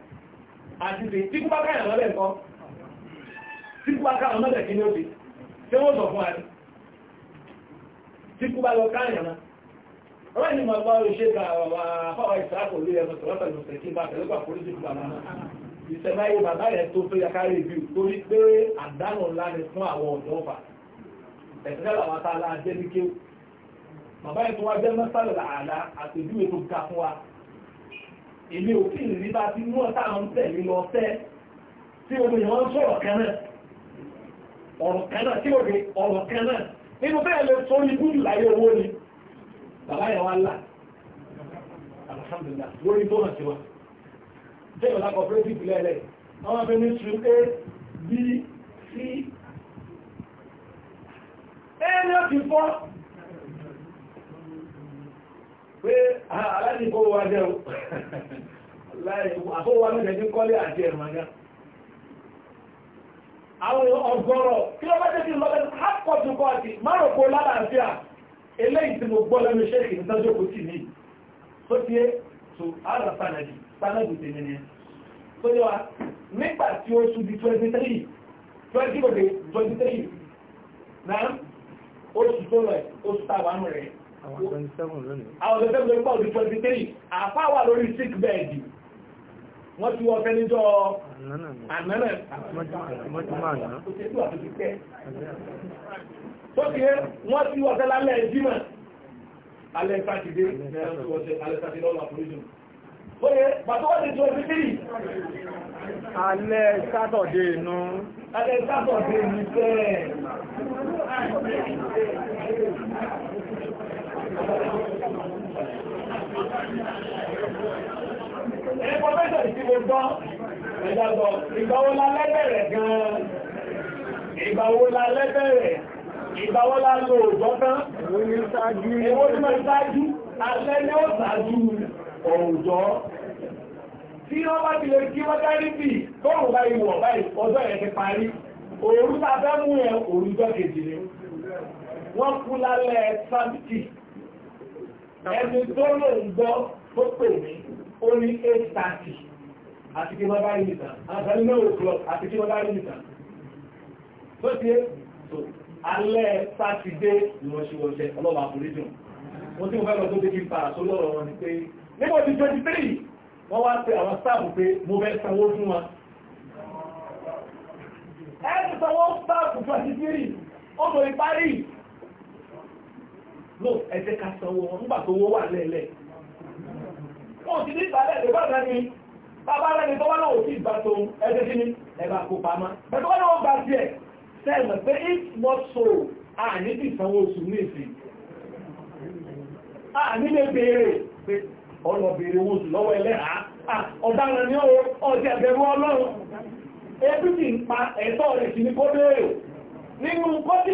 àti sí tí kúbá káyà lọ́lẹ̀ nǹkan tí kúbá káyà lọ́lẹ̀ kí ní ó ti tí wọ́n sọ fún àti tí kúbá lọ káyà náà ọ̀rẹ́ ni mo gbọ́ ṣe ka àfọwọ́ ìsáàkò lórí ẹnu sọ̀rọ̀tà ìmọ̀sẹ̀ kí n bá tẹ̀lé pàpọ̀ lójú ìgbà náà ìṣẹ̀láyé bàbá yẹn tó fẹ́ yakárí ibi torí pé àdánù ńlá ni fún àwọn ọ̀dọ́ lá jẹ́ ní kéw bàbá yẹn tó wá jẹ́ mẹ́sàlẹ̀ àlá àtẹ̀jú ètò èmi ò kí ìrírí bá ti mú ọ̀tá tẹ̀lé lọ tẹ́ tí omi yẹn wọ́n sọ̀rọ̀ kan ọ̀rọ̀ kan náà tí òde ọ̀rọ̀ kan nínú bẹ́ẹ̀ lè sọ ní láyé owó ni bàbá yẹn wá là alhamdulilah lórí tó pé ah, aláìkó wa jẹ́ o àfọwà mẹ́jẹ̀ ní kọ́lé àti ẹ̀mọ̀gá àwọn ọgọ́rọ̀ kí ló bẹ́jẹ̀ sí lọ́bẹ̀ hápọ̀tùkọ́ àti márùkú lálàáfíà eléyìí tí mo gbọ́ lẹ́nu iṣẹ́ ìrìntájókò sí ní tó tí é tó ara sanadi sanadi tèmi ni tó yẹ wa nígbà tí ó sùn di 23 23 23 náà oṣù tó lọ oṣù táwọn rẹ̀ àwọn 27 lónìí àwọn 27 lórí pọ̀ 23 àfá wà lórí sick bed wọ́n ti wọ́ fẹ́ níjọ́ àmẹ́rẹ̀ tó ti yẹ wọ́n ti wọ́ fẹ́ lálẹ́ ìjímọ̀ alẹ́ sátidé alẹ́ sátidé lọ́nà àforíjìn Oye, bàtọ́ wọ́n ti 23. Alẹ́ sátọ̀dé inú. Alẹ́ sátọ̀dé inú fẹ́. Ìpọ̀fẹ́sọ̀ ìsí mo gbọ́, ẹ̀dàgbọ̀, ìgbàwọ́lá lẹ́bẹ̀rẹ̀ gan-an, ìgbàwọ́lá lẹ́bẹ̀rẹ̀, ìgbàwọ́lá lò òjọ́tán, èwo ní máa ṣáájú, alẹ́ ní ó ṣáájú òòjọ́. Tí wọ́n bá ti lè kí wọ́n dárí bì, bọ́ọ̀rùn bá ìwọ̀ báyìí, ọjọ́ ẹ̀ ti parí, òòrùn tá a ẹni tó lò ń gbọ́ tó pè mí ó ní eight thirty àti kí wọ́n bá rí nìkan àtàlí náà òkúlọ̀ àti kí wọ́n bá rí nìkan tó ti é tó alẹ́ sátidé ni wọ́n ṣe wọ́n ṣe ọlọ́wà àforíjùn wọ́n tí mo fẹ́ lọ tó dé kí n pa àṣọ lọ́rọ̀ wọn ni pé nígbà tí twenty three wọ́n wá Paris no eteka ká sanwó nígbà tó wó wà lẹ́lẹ̀ ti ní ìgbàlẹ̀ ìgbàlẹ̀ ní bàbá tó wá náà ìgbà tó sí ti sanwó oṣù àní lè béèrè pé ọlọ béèrè wọn lọ́wọ́ ọ̀daràn ni ó ẹ̀bẹ̀rún ọlọ́run ebi ti ń pa ẹ̀tọ́ rẹ̀ sí ní kó béèrè nínú kó sì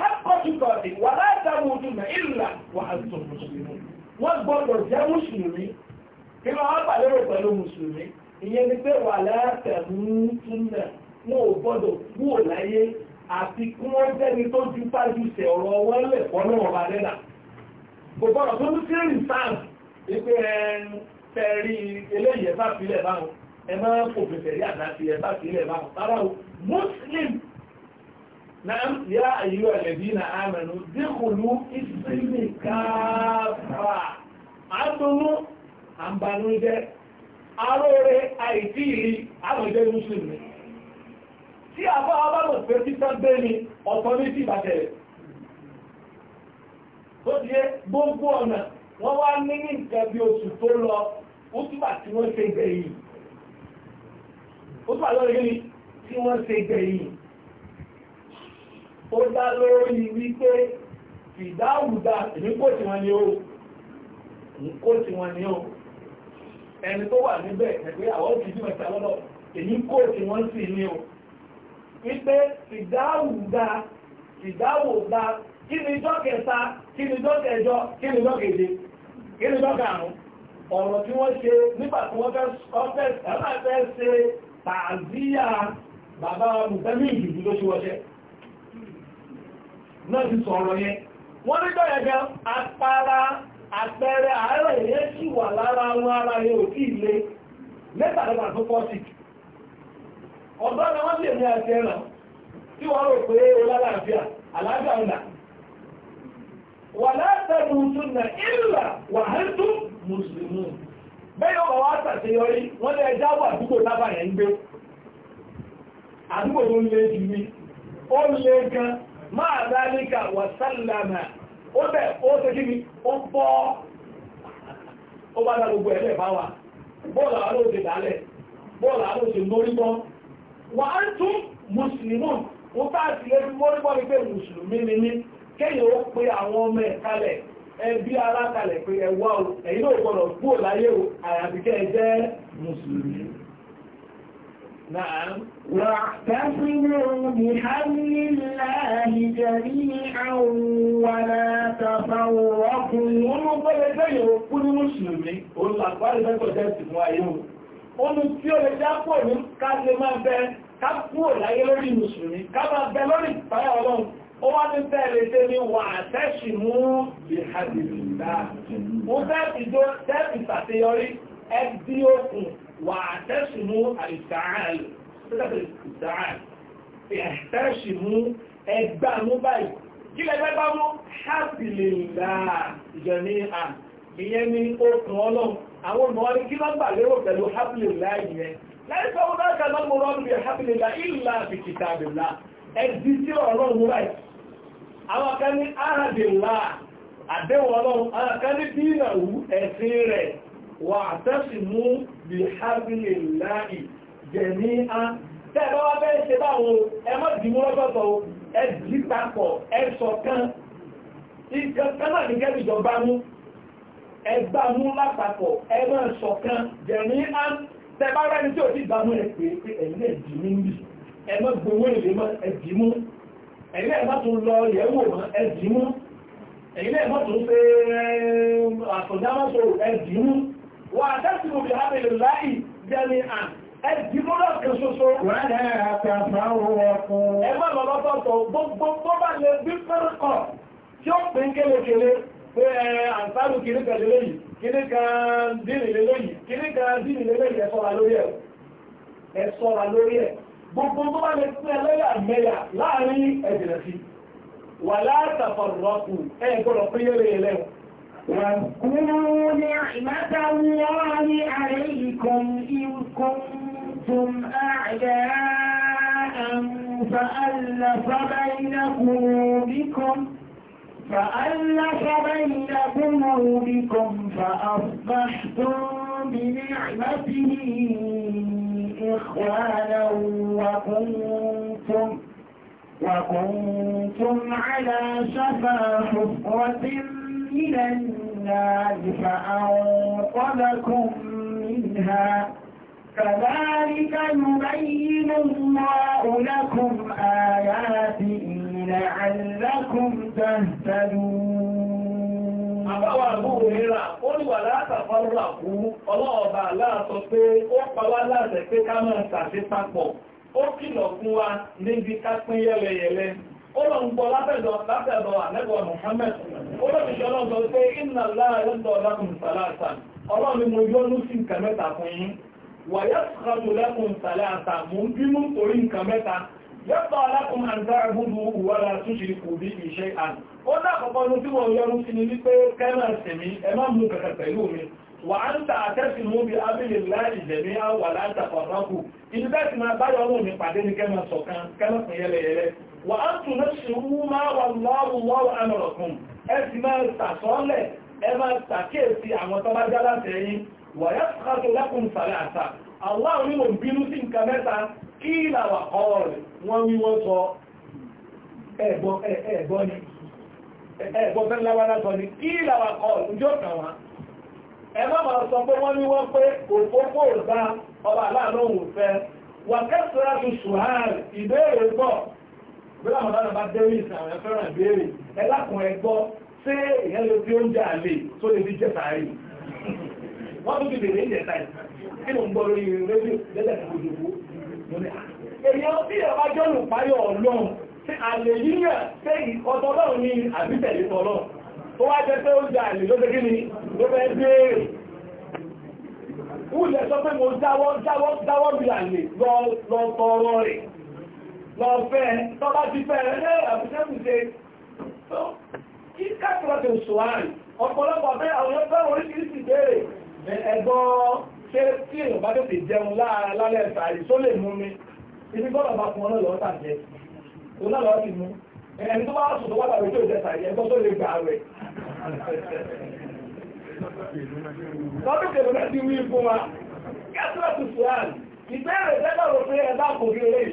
hákọ́ ìkọ̀ọ̀dì wà látàmú ojú nà ìlà wà àtò mùsùlùmí wọ́n gbọ́dọ̀ jẹ́ mùsùlùmí kí wọ́n wá pàdérò pẹ̀lú mùsùlùmí ìyẹn ni pé wà látàmú túnà wọn ò gbọ́dọ̀ kúrò láyé àti kí wọ́n jẹ́ni tó ju fájúṣe ọ̀rọ̀ wọn lẹ̀ fọ́nà ọba dẹ́nà kò gbọ́dọ̀ tó ń sí rìsáàmù wípé ẹ fẹ́ẹ̀rí eléyìí ẹ bá báwọn ẹ máa ń fòfin fẹ̀rí àdá نعم يا أيها الذين آمنوا دخلوا السلم كافة عدلوا عن بانو جẹ́ aróore àìsí ìrí àmọ̀jẹ́ mùsùlùmí tí a bá ọba mọ̀ pé títà gbé ní ọ̀tọ̀ ní sí ìbàtẹ̀rẹ̀ tó ti yé gbogbo ọ̀nà wọ́n wá ní ní nǹkan bí oṣù tó lọ útùbà tí wọ́n ṣe gbẹ̀yìn útùbà lọ́rẹ̀ yìí tí wọ́n ṣe gbẹ̀yìn ó dá lórí wípé fìdáwùdá èmi kò tí wọ́n ni ó kò tí wọ́n ni ó ẹni tó wà níbẹ̀ ẹgbẹ́ àwọn òkìdí mẹ́ta lọ́dọ̀ èyí kò tí wọ́n sì ní o wípé fìdáwùdá fìdáwùdá kí ni jọ́ kẹta kí ni jọ́ kẹjọ kí ni jọ́ keje kí ni jọ́ karùn ọ̀rọ̀ tí wọ́n ṣe nígbà tí wọ́n fẹ́ ṣe tààzíyà bàbá mùsẹ́mí ìdìbò lóṣùwọ́ṣẹ́ náà ti sọ̀rọ̀ yẹn wọ́n ní gbọ́yẹ̀gẹ́ apára àpẹẹrẹ àárẹ̀ yẹn sì wà lára wọn ara yẹn ò tí ì tó pọ̀ sí ọ̀dọ́ ni wọ́n sì ní àti ẹ̀ràn tí wọ́n rò pé olálàáfíà àlàáfíà ńlá wà látẹ̀lú túnà ìlà wàhálùtù mùsùlùmù bẹ́ẹ̀ wọ́n wà àdúgbò lábàyẹ̀ ń gbé àdúgbò tó ń lé jù mí ó máa dáríkà wàsálàmà ó bẹ̀ ó ṣe kí ni ó bọ́ ó bá dá gbogbo ẹ̀lẹ́ bá wa bọ́ọ̀lù àwọn dálẹ̀ bọ́ọ̀lù mórígbọ́ wà á tún wọ́n mórígbọ́ pé mùsùlùmí ni ó pe àwọn ọmọ ẹ̀ kalẹ̀ ẹbí o gbọ́dọ̀ نعم واعتصموا بحبل الله جميعا ولا تفرقوا wọn ó gbọ́dọ̀ tẹ́yẹ̀ òkú ní mùsùlùmí òun àpárí mẹ́kọ̀ọ́ tẹ́sì fún ayé òun ohun tí ó lè jápò ní ká lè máa bẹ ká kúrò láyé lórí mùsùlùmí ká máa bẹ lórí ìpáyà ọlọ́run ó wá ní tẹ́lẹ̀ tẹ́ ní wà tẹ́sì mú bìhàdìlì dáa mo tẹ́sì tó tẹ́sì ṣàṣeyọrí ẹ dí òkun واعتصموا a صدق احتشموا اجبانوا ya kílẹ̀ gbẹ́gbá mú hábìlìlà ìjẹ̀mí à ìyẹn ní okùn ọlọ́run àwọn ọmọ orí kí lọ́gbà lérò pẹ̀lú hábìlìlà ìyẹn láì sọ wọ́n dákà lọ́gbọ̀n rọ́dù bí hábìlìlà ìlà àbìkìtà àbìlà ẹ̀dí tí ọ̀rọ̀ ń ráì àwọn kan ní áhàbìlà wà tẹ́sì mú bí hábílì láì jẹ̀mí á tẹ́ẹ̀bá wá bẹ́ẹ̀ ṣe báwọn ẹmọ́ dìmú lọ́gọ́tọ̀ ẹ dì papọ̀ ẹ ṣọ̀kan ìkankan náà ní kẹ́lì jọ gbámú ẹ gbámú lápapọ̀ ẹ máa ṣọ̀kan jẹ̀mí á tẹ́ẹ̀bá rẹ́ni tí ò ti gbámú ẹ pé ẹ̀yìn ẹ̀dì mú bì ẹ má gbowó èlé mọ́ ẹ̀dì mú ẹ̀yìn ẹ̀ má tún lọ yẹ̀wò mọ́ ẹ̀dì mú ẹ̀yìn ẹ̀ má tún wà dẹ́sìmù bí hábìlì láì jẹ́mi à ẹ̀dì mọ́lá kan ṣoṣo wọ́n ẹ̀ àtàfàwọ̀ fún ẹ má lọ lọ́tọ̀ọ̀tọ̀ gbogbo tó bá lè bí pẹ́rẹ́kọ̀ tí ó pín kélekele pé ẹ àǹsárù kìíní kan lélẹ́yìn kìíní kan dínì lélẹ́yìn kìíní kan dínì lélẹ́yìn ẹ ṣọ́ra lórí ẹ̀ ẹ ṣọ́ra lórí ẹ̀ gbogbo tó bá lè pín ẹlẹ́yà mẹ́yà láàrin ẹ̀jẹ̀ sí wà látàfàwọ̀ fún ẹ̀ gbọ́dọ̀ pín yẹ́rẹ́ ẹlẹ́wọ̀n واذكروا نعمة الله عليكم إن كنتم أعداء فألف بين قلوبكم فألف بين قلوبكم فأصبحتم بنعمته إخوانا وكنتم وكنتم على شفا حفرة إلى النار فأنقذكم منها كذلك يبين الله لكم آياته لعلكم تهتدون Àbáwà àbúrò ìrà, ó ní wà látàfàúrò àkú, ọlọ́ọ̀bà aláàtọ̀ pé ó pàwà láàrẹ̀ ó kìlọ̀ fún wa níbi ká pín ó lọ ń gbọ́ látẹ̀dọ̀ látẹ̀dọ̀ àlẹ́gbọ̀ Muhammad ó lọ ìṣẹ́ náà sọ pé iná láàrẹ́dọ̀ lẹ́kùn sàlẹ́sà ọlọ́run ni mo yọ́nú sí nǹkan mẹ́ta fún yín wà yẹ́sùkọ́tù lẹ́kùn sàlẹ́sà mo ń bínú torí nǹkan mẹ́ta yẹ́pọ̀ alákùn àǹtà ẹ̀húdù wọ́la túnṣe kò bí ìṣe àn ó lákọ̀ọ́kọ́ ní tí wọ́n yọ́nú sí ni wípé kẹ́mà sẹ̀mí ẹ má mú kẹ̀kẹ́ pẹ̀lú mi wà wà á tún náà ṣe mú máa wà lọ́rùn lọ́rùn amọ̀rọ̀kùn ẹ sì máa tàṣọ́lẹ̀ ẹ máa tàkíyèsí àwọn tó bá já láti ẹ̀yìn wà yá fàájú lákùn sàlẹ̀ àṣà àwọn onímọ̀ bínú sí nǹkan mẹ́ta kí ìlàwà ọ̀rẹ̀ bílá màdá náà bá dẹ́rẹ́ ìsìn àwọn tó ti bèrè ń jẹta kí ló ń gbọ́ lórí rédíò lẹ́lẹ̀ tó mo ní èèyàn tí ẹ bá jọ́lù páyọ̀ ọlọ́run ṣé àlè yíyàn ṣé ọ̀tọ̀ ọlọ́run ni tó wá jẹ́ pé oúnjẹ àlè ló fẹ́ ni ló fẹ́ béèrè wúlẹ̀ sọ pé mo dáwọ́ dáwọ́ dáwọ́ bí lọ tọrọ rẹ̀ lọ fẹ́ tọ́bá ti fẹ́ ẹ̀rẹ́ àbúṣẹ́kùnṣe tó kí kàkùrọ̀tẹ̀ òṣùwárì ọ̀pọ̀lọpọ̀ fẹ́ àwọn ẹgbẹ́ oríṣiríṣi ìbéèrè ẹ̀gbọ́ ṣé tí èèyàn bá tètè jẹun láàárọ̀ lálẹ́ ìsàárì tó lè mú mi ibi gbọ́dọ̀ bá fún ọlọ́lọ́ tàjẹ onáàlọ́ ti mú ẹni tó bá sùn tó wá tàbí tó ìjẹta ẹ̀gbọ́ tó lè gbà rẹ̀ lọ́dún kèrò náà ti wí fún wa kẹ́sìlẹ̀ tuntun ìbéèrè tẹ́lẹ̀ rò pé ẹ̀dá kò rí eléyìí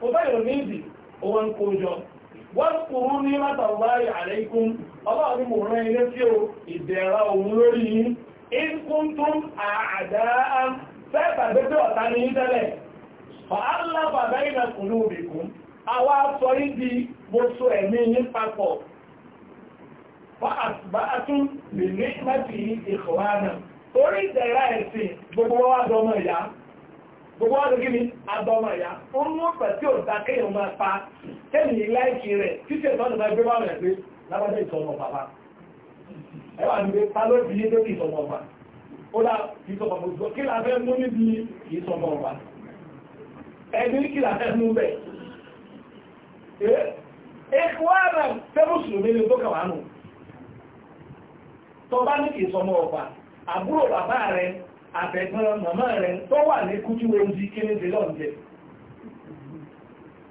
Fúbáyọ̀ níbi òun kó Wọ́n kúrú ní látàwárí àríkún, ọlọ́ọ̀ni mò ilé tí ó ìdẹ̀ra òun lórí Ìkúntún àdáa fẹ́ mo so Torí ìdẹ̀ra ẹ̀sìn gbogbo wá dọmọ ìyá. gbogbo wa lókè ní abọ́mọ̀ ìyá ó ń mú pẹ̀ tí ó da kéèyàn máa pa kéèyàn láìkì rẹ̀ títí ẹ̀tọ́ ọ̀dọ̀ bá gbé wàhùn ẹ̀ pé lábàjẹ́ ìsọmọ bàbá ẹ wà ní pé ta ló di yé lórí ìsọmọ ọba ó dá ìsọmọ ọba òṣùwọ̀n kí la fẹ́ mú níbi ìsọmọ ọba ẹni kí la fẹ́ mú bẹ̀ ẹ wá rà fẹ́ mùsùlùmí ni tó kàwá nù tọ́ bá ní ìsọmọ ọba àbúrò bàbá rẹ̀ àbẹ̀gbọ́n màmá rẹ̀ tó wà ní kújú oúnjẹ kéréje lọ́njẹ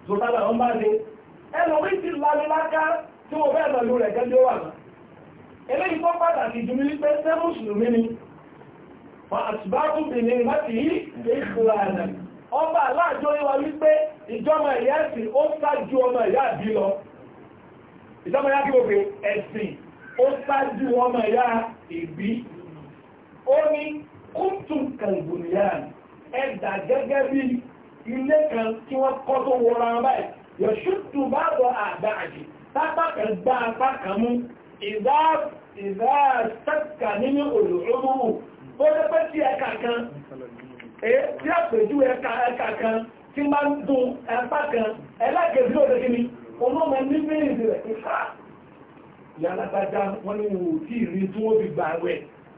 zòtàlà wọn bá dé ẹnu wí ti lanu láká tí mo bẹ́ẹ̀ lọ́lu rẹ̀ gẹ́gẹ́ wà mọ́ eléyìí tó pàtàkì jù mí wípé ṣé mùsùlùmí ni wà àtùbá tún bì ní láti yí ìkùrànà ọba aláàjọ yíwa wípé ìjọba kúntùn kàlùbùnìyàn ẹ̀dà gẹ́gẹ́ bí ilé kan tí wọ́n kọ́ tó wọra báyìí yọ̀ṣùtù bá bọ̀ àgbà àjì tápá kan gbá apá kan mú ìdá ìdá sẹ́kà nínú olùrúrú ó lé pé tí ẹ̀ka kan tí àpèjú ẹ̀ka kan tí máa ń dùn apá kan ẹlẹ́gẹ̀ẹ́sì òde kí ni olóòmọ ní bíríìsì rẹ̀ ìfà ìyá alágbájá wọn ni wò ó tí ì rí tí wọ́n fi gbà wẹ̀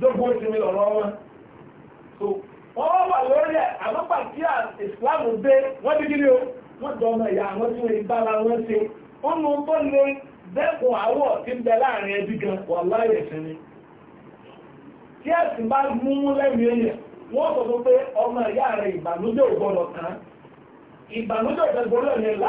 dógún ìsinmi lọ́rọ̀ wọn so wọ́n wà lórí ẹ̀ àmọ́ pàtí à dé wọ́n ti kiri o wọ́n dọ̀ ọmọ ìyá àwọn tí wọ́n ń bára wọn ṣe wọ́n mú tó dẹ́kun àwọ̀ tí ń bẹ láàrin ẹbí gan wà láyé tí bá mú wọ́n sọ fún pé ọmọ ìyá rẹ̀ ìbànújẹ́ ò gbọ́dọ̀ kan ìbànújẹ́ ò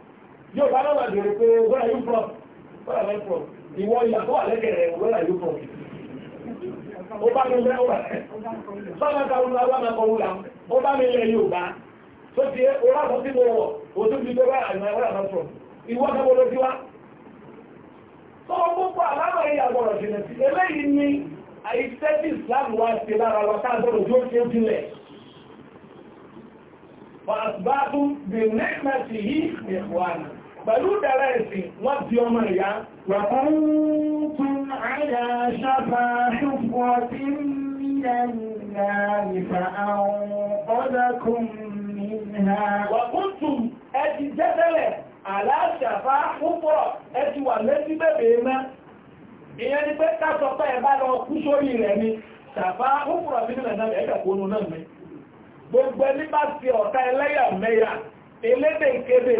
yóò bá náà bèèrè pé where are you from where are you from ìwọ ìyàtọ̀ àlẹ́kẹ̀ where are you from ó bá mi lẹ́ wà báwọn ta wúlò àwọn akọ wúlò ó bá mi lẹ́ yóò bá tó ti orá àtọ́ sí mo wọ̀ ó tún fi gbé where are you from ìwọ náà wọlé sí wa tó o gbogbo àlámọ̀ yìí àgbọ̀rọ̀ jìnà sí eléyìí ni àìsẹ́tì Islam wa ṣe lára wa káàbọ̀rọ̀ tó ṣe sílẹ̀ فأصبحتم بنعمته إخوانا pẹ̀lú dára ẹ̀sìn wọ́n ti ọmọ ìyá وكنتم على شفا حفرة من النار فأنقذكم منها وكنتم ẹ̀dì jẹ́tẹ̀lẹ̀ aláṣàfá púpọ̀ ẹ̀dì wà lẹ́sí bẹ̀bẹ̀ mẹ́ ìyẹn ni pé káṣọ pé ẹ bá lọ kú sórí rẹ̀ ni ṣàfá púpọ̀ mílíọ̀nù náà ẹ̀kà náà mẹ́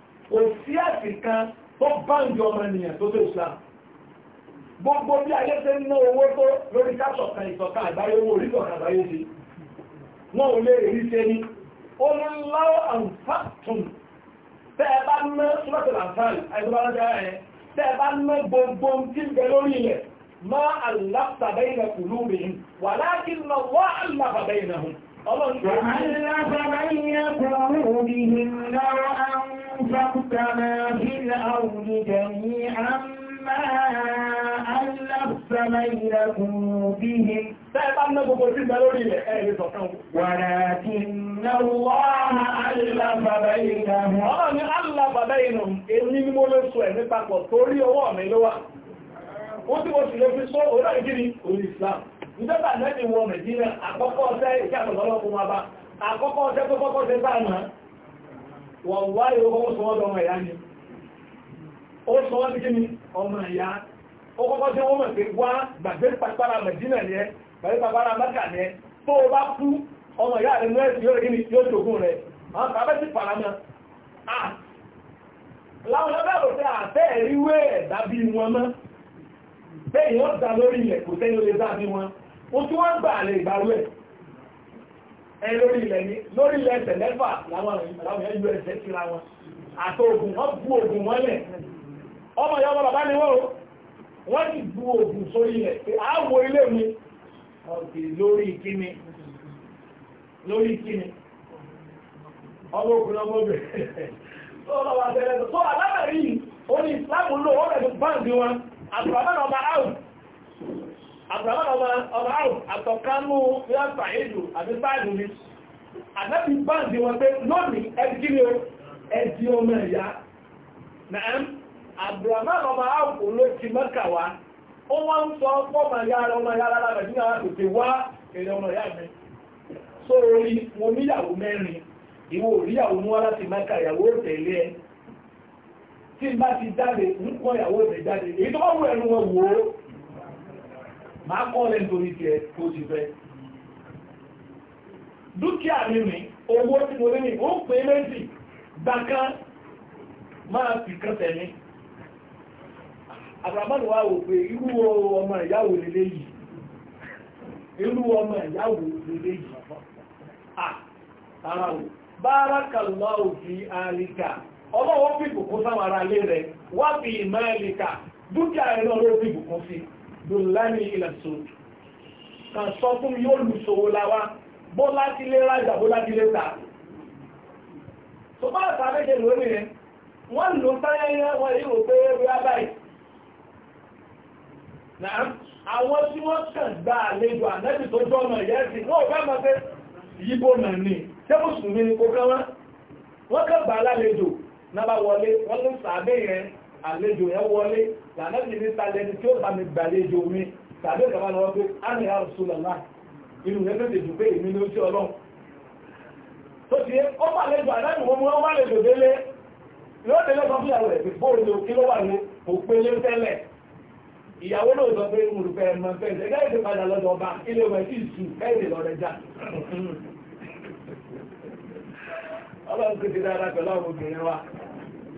kò sí ẹ̀sìn kan tó bá ń jọ ọmọ ènìyàn tó tó Islam gbogbo bí ayé ṣe ń ná owó tó lórí káṣọ̀kan ìṣọ̀kan àgbáyé owó orí ìṣọ̀kan àgbáyé ṣe wọn ò lè rí ṣe ní olùláwọ̀ àǹfààtùn tẹ́ ẹ bá ná súnmọ́tò làǹfààní àìsàn bá rántí ara ẹ̀ tẹ́ bẹ́yìn náà kùlú náà hùn أنفقتما في الأرض جميعا ما ألفت بين قلوبهم ولكن الله ألف بينهم ألف بينهم èmi ni mo lè sọ ẹ̀mí ó tí mo sì lè fi sọ orí ìgírí orí Islam ìjọba lẹ́yìn wọ Nàìjíríà àkọ́kọ́ ọ̀sẹ̀ ìṣẹ́ àtọ̀lọ́lọ́kùn wa bá àkọ́kọ́ tó kọ́kọ́ bá náà wọ́n wá ìwọ́n sọ ọmọ ìyá ni ó sọ wọ́n ti kí ni ọmọ ìyá ó kọ́kọ́ tí wọ́n mọ̀ pé wá gbàgbé pàpàrà mẹ̀dínà ni ẹ gbàgbé pàpàrà mẹ́kà ni ẹ tó o bá kú ọmọ ìyá rẹ̀ mẹ́rin yóò rí ni yóò jogún rẹ̀ àwọn kàbẹ́ sí paramọ́ láwọn ọlọ́rọ̀ tẹ́ àtẹ́ ìríwé ẹ̀dábí wọn mọ́ bẹ́ẹ̀ yóò dá lórí ilẹ̀ kò tẹ́yìn ó lè dábí wọn ó tún wọ́n gbà lè gbàrú ẹ̀ E lórí ilẹ̀ mi lori ile láwọn ẹ̀yọ ẹsẹ̀ síra wọn àtọ ògùn wọn ògùn wọn lẹ̀ ọmọ ìyá ọmọ ni wọ́n wọ́n ti bu ògùn sórí ilẹ̀ pé a ilé mi ikimi lórí kíni ọmọ ògùn ọmọ obìnrin wa àbúràmọ́ ọmọ áwù àtọ̀kánú yàtà ìlú àti báàlù ni àtàbí báàlù wọn pé lónìí ẹgbẹ́ ẹdí ọmọ ẹ̀yà náà àbúràmọ́ ọmọ áwù ló ti mọ́kà wá ó wọ́n ń sọ ọmọ yára ọmọ yára lára nígbà wá tètè wá èrè ọmọ yá mi só orí mo níyàwó mẹ́rin ìwọ òríyàwó mú wá láti mọ́kà ìyàwó tẹ̀lé ẹ tí bá ti jáde ń kọ́ ìyàwó tẹ̀ máa kọ́ lẹ́ nítorí ẹ kó dúkìá mi mi owó tí mo ní ó méjì daka máa fi kan tẹ̀mí àbúrámọ́nù wa wò pé irú ọmọ ìyáwó lélé yìí irú ọmọ ìyáwó wo! yìí àrà ò bárakàlọ́ fi àríkà ọlọ́wọ́ fi sáwọn rẹ̀ fi ìmọ̀ dúkìá ẹ̀rọ ló fi bùkún sí dùnláni ilẹ̀ tó kàn sọ fún yóò lùsòwò láwá bó láti lé rájà bó láti lé tà tó bá àtàlẹ́jẹ̀ lórí rẹ̀ wọ́n lò táyẹ́yẹ́ wọ́n yíò pé rí abáyì àwọn tí wọ́n kàn gba àlejò ànẹ́bì tó jọ ọmọ ìyẹ́ sí wọ́n bá máa fẹ́ yíbò náà ní tẹ́bùsùn mi ni kó kán wọ́n kàn gbà lálejò náà bá wọlé wọ́n ló sàábé yẹn àlejò ẹ wọlé lànàbì ní talẹ́ni tí ó bá mi gbàlejò mi tàbí ìjọba ni wọ́n pé àmì àrùsùn lọ́la inú rẹ̀ tètè dùn pé èmi ní ó tí ọlọ́run tó ti yẹ ó bá lẹ́jọ àdáàbò wọn mú wọn wá lẹ́jọ délé yóò délé sọ fúyàwó rẹ̀ pé bóòlù ló kí ló wà ní òpele tẹ́lẹ̀ ìyàwó náà sọ pé olùfẹ́ ẹ̀mọ fẹ́ẹ̀sẹ̀ ẹgbẹ́ ìdè padà lọ́dọ̀ ọba ilé wọn sì sùn kẹ́hìndé lọ́rẹ́ já ọlọ́run kò ti dára pẹ̀lú àwọn obìnrin wa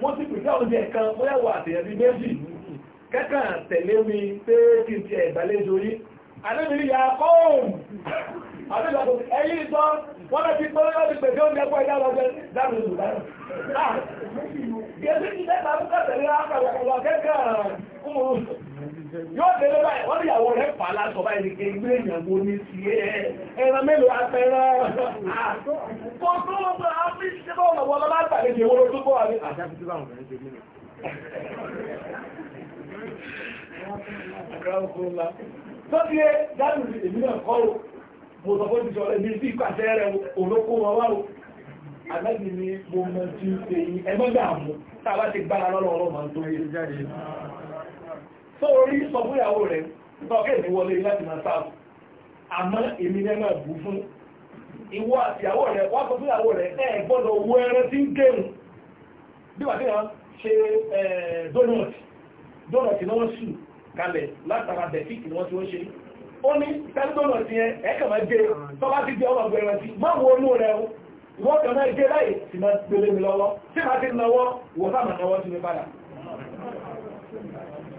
mo ti pèsè oúnjẹ kan bóyá wà àtẹ̀yẹ̀bí méjì kẹ́kàn tẹ̀lé mi pé kí n ti ẹ̀gbàlejò yí alébìrí ya kọ́ọ̀mù àbíjọ́kù ẹ̀yí sọ wọ́n lọ ti pẹ́lú láti pèsè oúnjẹ pọ̀ ìdá lọ́jẹ́ dáàbò ìlú dáàbò ìyẹ̀sí ti dẹ́gbàá yóò délé báyìí wọ́n ní rẹ̀ fà lásọ báyìí ní kéwé ìyàwó ní ti ẹ ẹran mélòó apẹ̀rẹ̀ kò tó ló bá a fi ṣe ọ̀nà wọn bá gbà lẹ́yìn mo sọ tí ìpàṣẹ rẹ olóko wọn wá o ti gbára lọ́lọ́ ọlọ́mọ tó yé tó orí sọ fún ìyàwó rẹ̀ ìtọ́kẹ́ ní wọlé láti máa sáàbù àmọ́ èmi ní ẹmà bù fún ìwọ àti ìyàwó rẹ̀ wá sọ fún ìyàwó rẹ̀ ẹ gbọ́dọ̀ owó ẹrẹ tí ń gẹ̀rùn bí wàtí wọn ṣe dónọ̀tì dónọ̀tì náà sù kalẹ̀ látara bẹ̀fíìkì ni wọ́n ti wọ́n ṣe ó ní sẹ́ni dónọ̀tì yẹn ẹ̀kà máa jẹ tó bá ti jẹ ọmọ ọgbẹ̀rẹ̀ rántí má wo olú rẹ o ìwọ́n kan náà jẹ láì sì máa gbélé mi lọ́wọ́ sí máa ti náwó ìwọ́n sáà máa náwó sí mi padà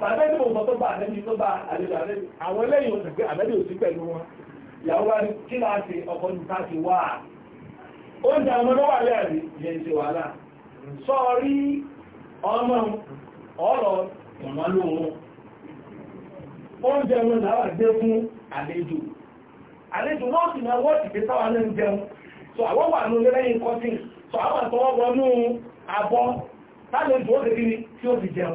bàbá tí mo tó bá àlẹ́bí tó bá àlejò àlẹ́bí àwọn eléyìí oṣù pé àlẹ́bí òsì pẹ̀lú wọn ìyàwó wa. ní kí láà ṣe ní ká wá oúnjẹ wà lẹ́ẹ̀rí wàhálà sọ́ọ̀rí ọmọ ọ̀rọ̀ ìmọ̀ wọn fún àlejò àlejò náà sì máa sáwà náà ń so àwọn wà ní lẹ́yìn kọ́tìn so àwọn àtọwọ́ wọnú abọ́ tálejò tí ó fi jẹun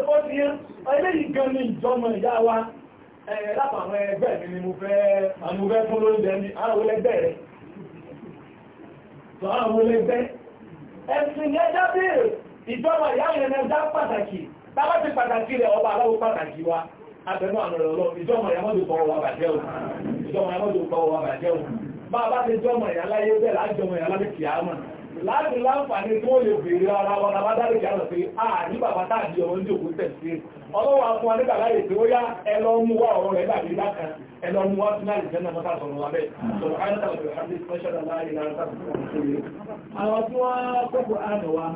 tó bọ́ sí eléyìí gan ni ìjọmọ ìyá wa látàwọn ẹgbẹ́ mi ni mo fẹ́ àmúfẹ́ fún lóúnjẹ ní àwọn olẹ́gbẹ́ rẹ̀ lọ́wọ́ àwọn olẹ́gbẹ́ ẹ̀sìn ẹjá bèèrè ìjọba ìyá yẹn ẹjá pàtàkì tábà ti pàtàkì rẹ̀ ọba aláwọ̀ pàtàkì wa abẹnú àwọn ọ̀rọ̀ ìjọba ìyàmọ́dù kọ́ wa bàjẹ́ òun bá bá ti jọmọ ìyá láyé bẹ́ẹ̀ lájọmọ ìyá lábẹ́ kìá mọ̀ láti láǹfààní tí wọ́n lè bèèrè ara wọn àbádárí ìyára pé a ní bàbá tàbí ọmọ ń jòkó tẹ̀sí ọlọ́wọ́ fún wa nígbà láyé tí ó yá ẹlọ mú wá ọ̀rọ̀ rẹ̀ dàbí bákan ẹlọ mú wá sí láì jẹ́ náà mọ́ta sọ̀rọ̀ wábẹ́ àwọn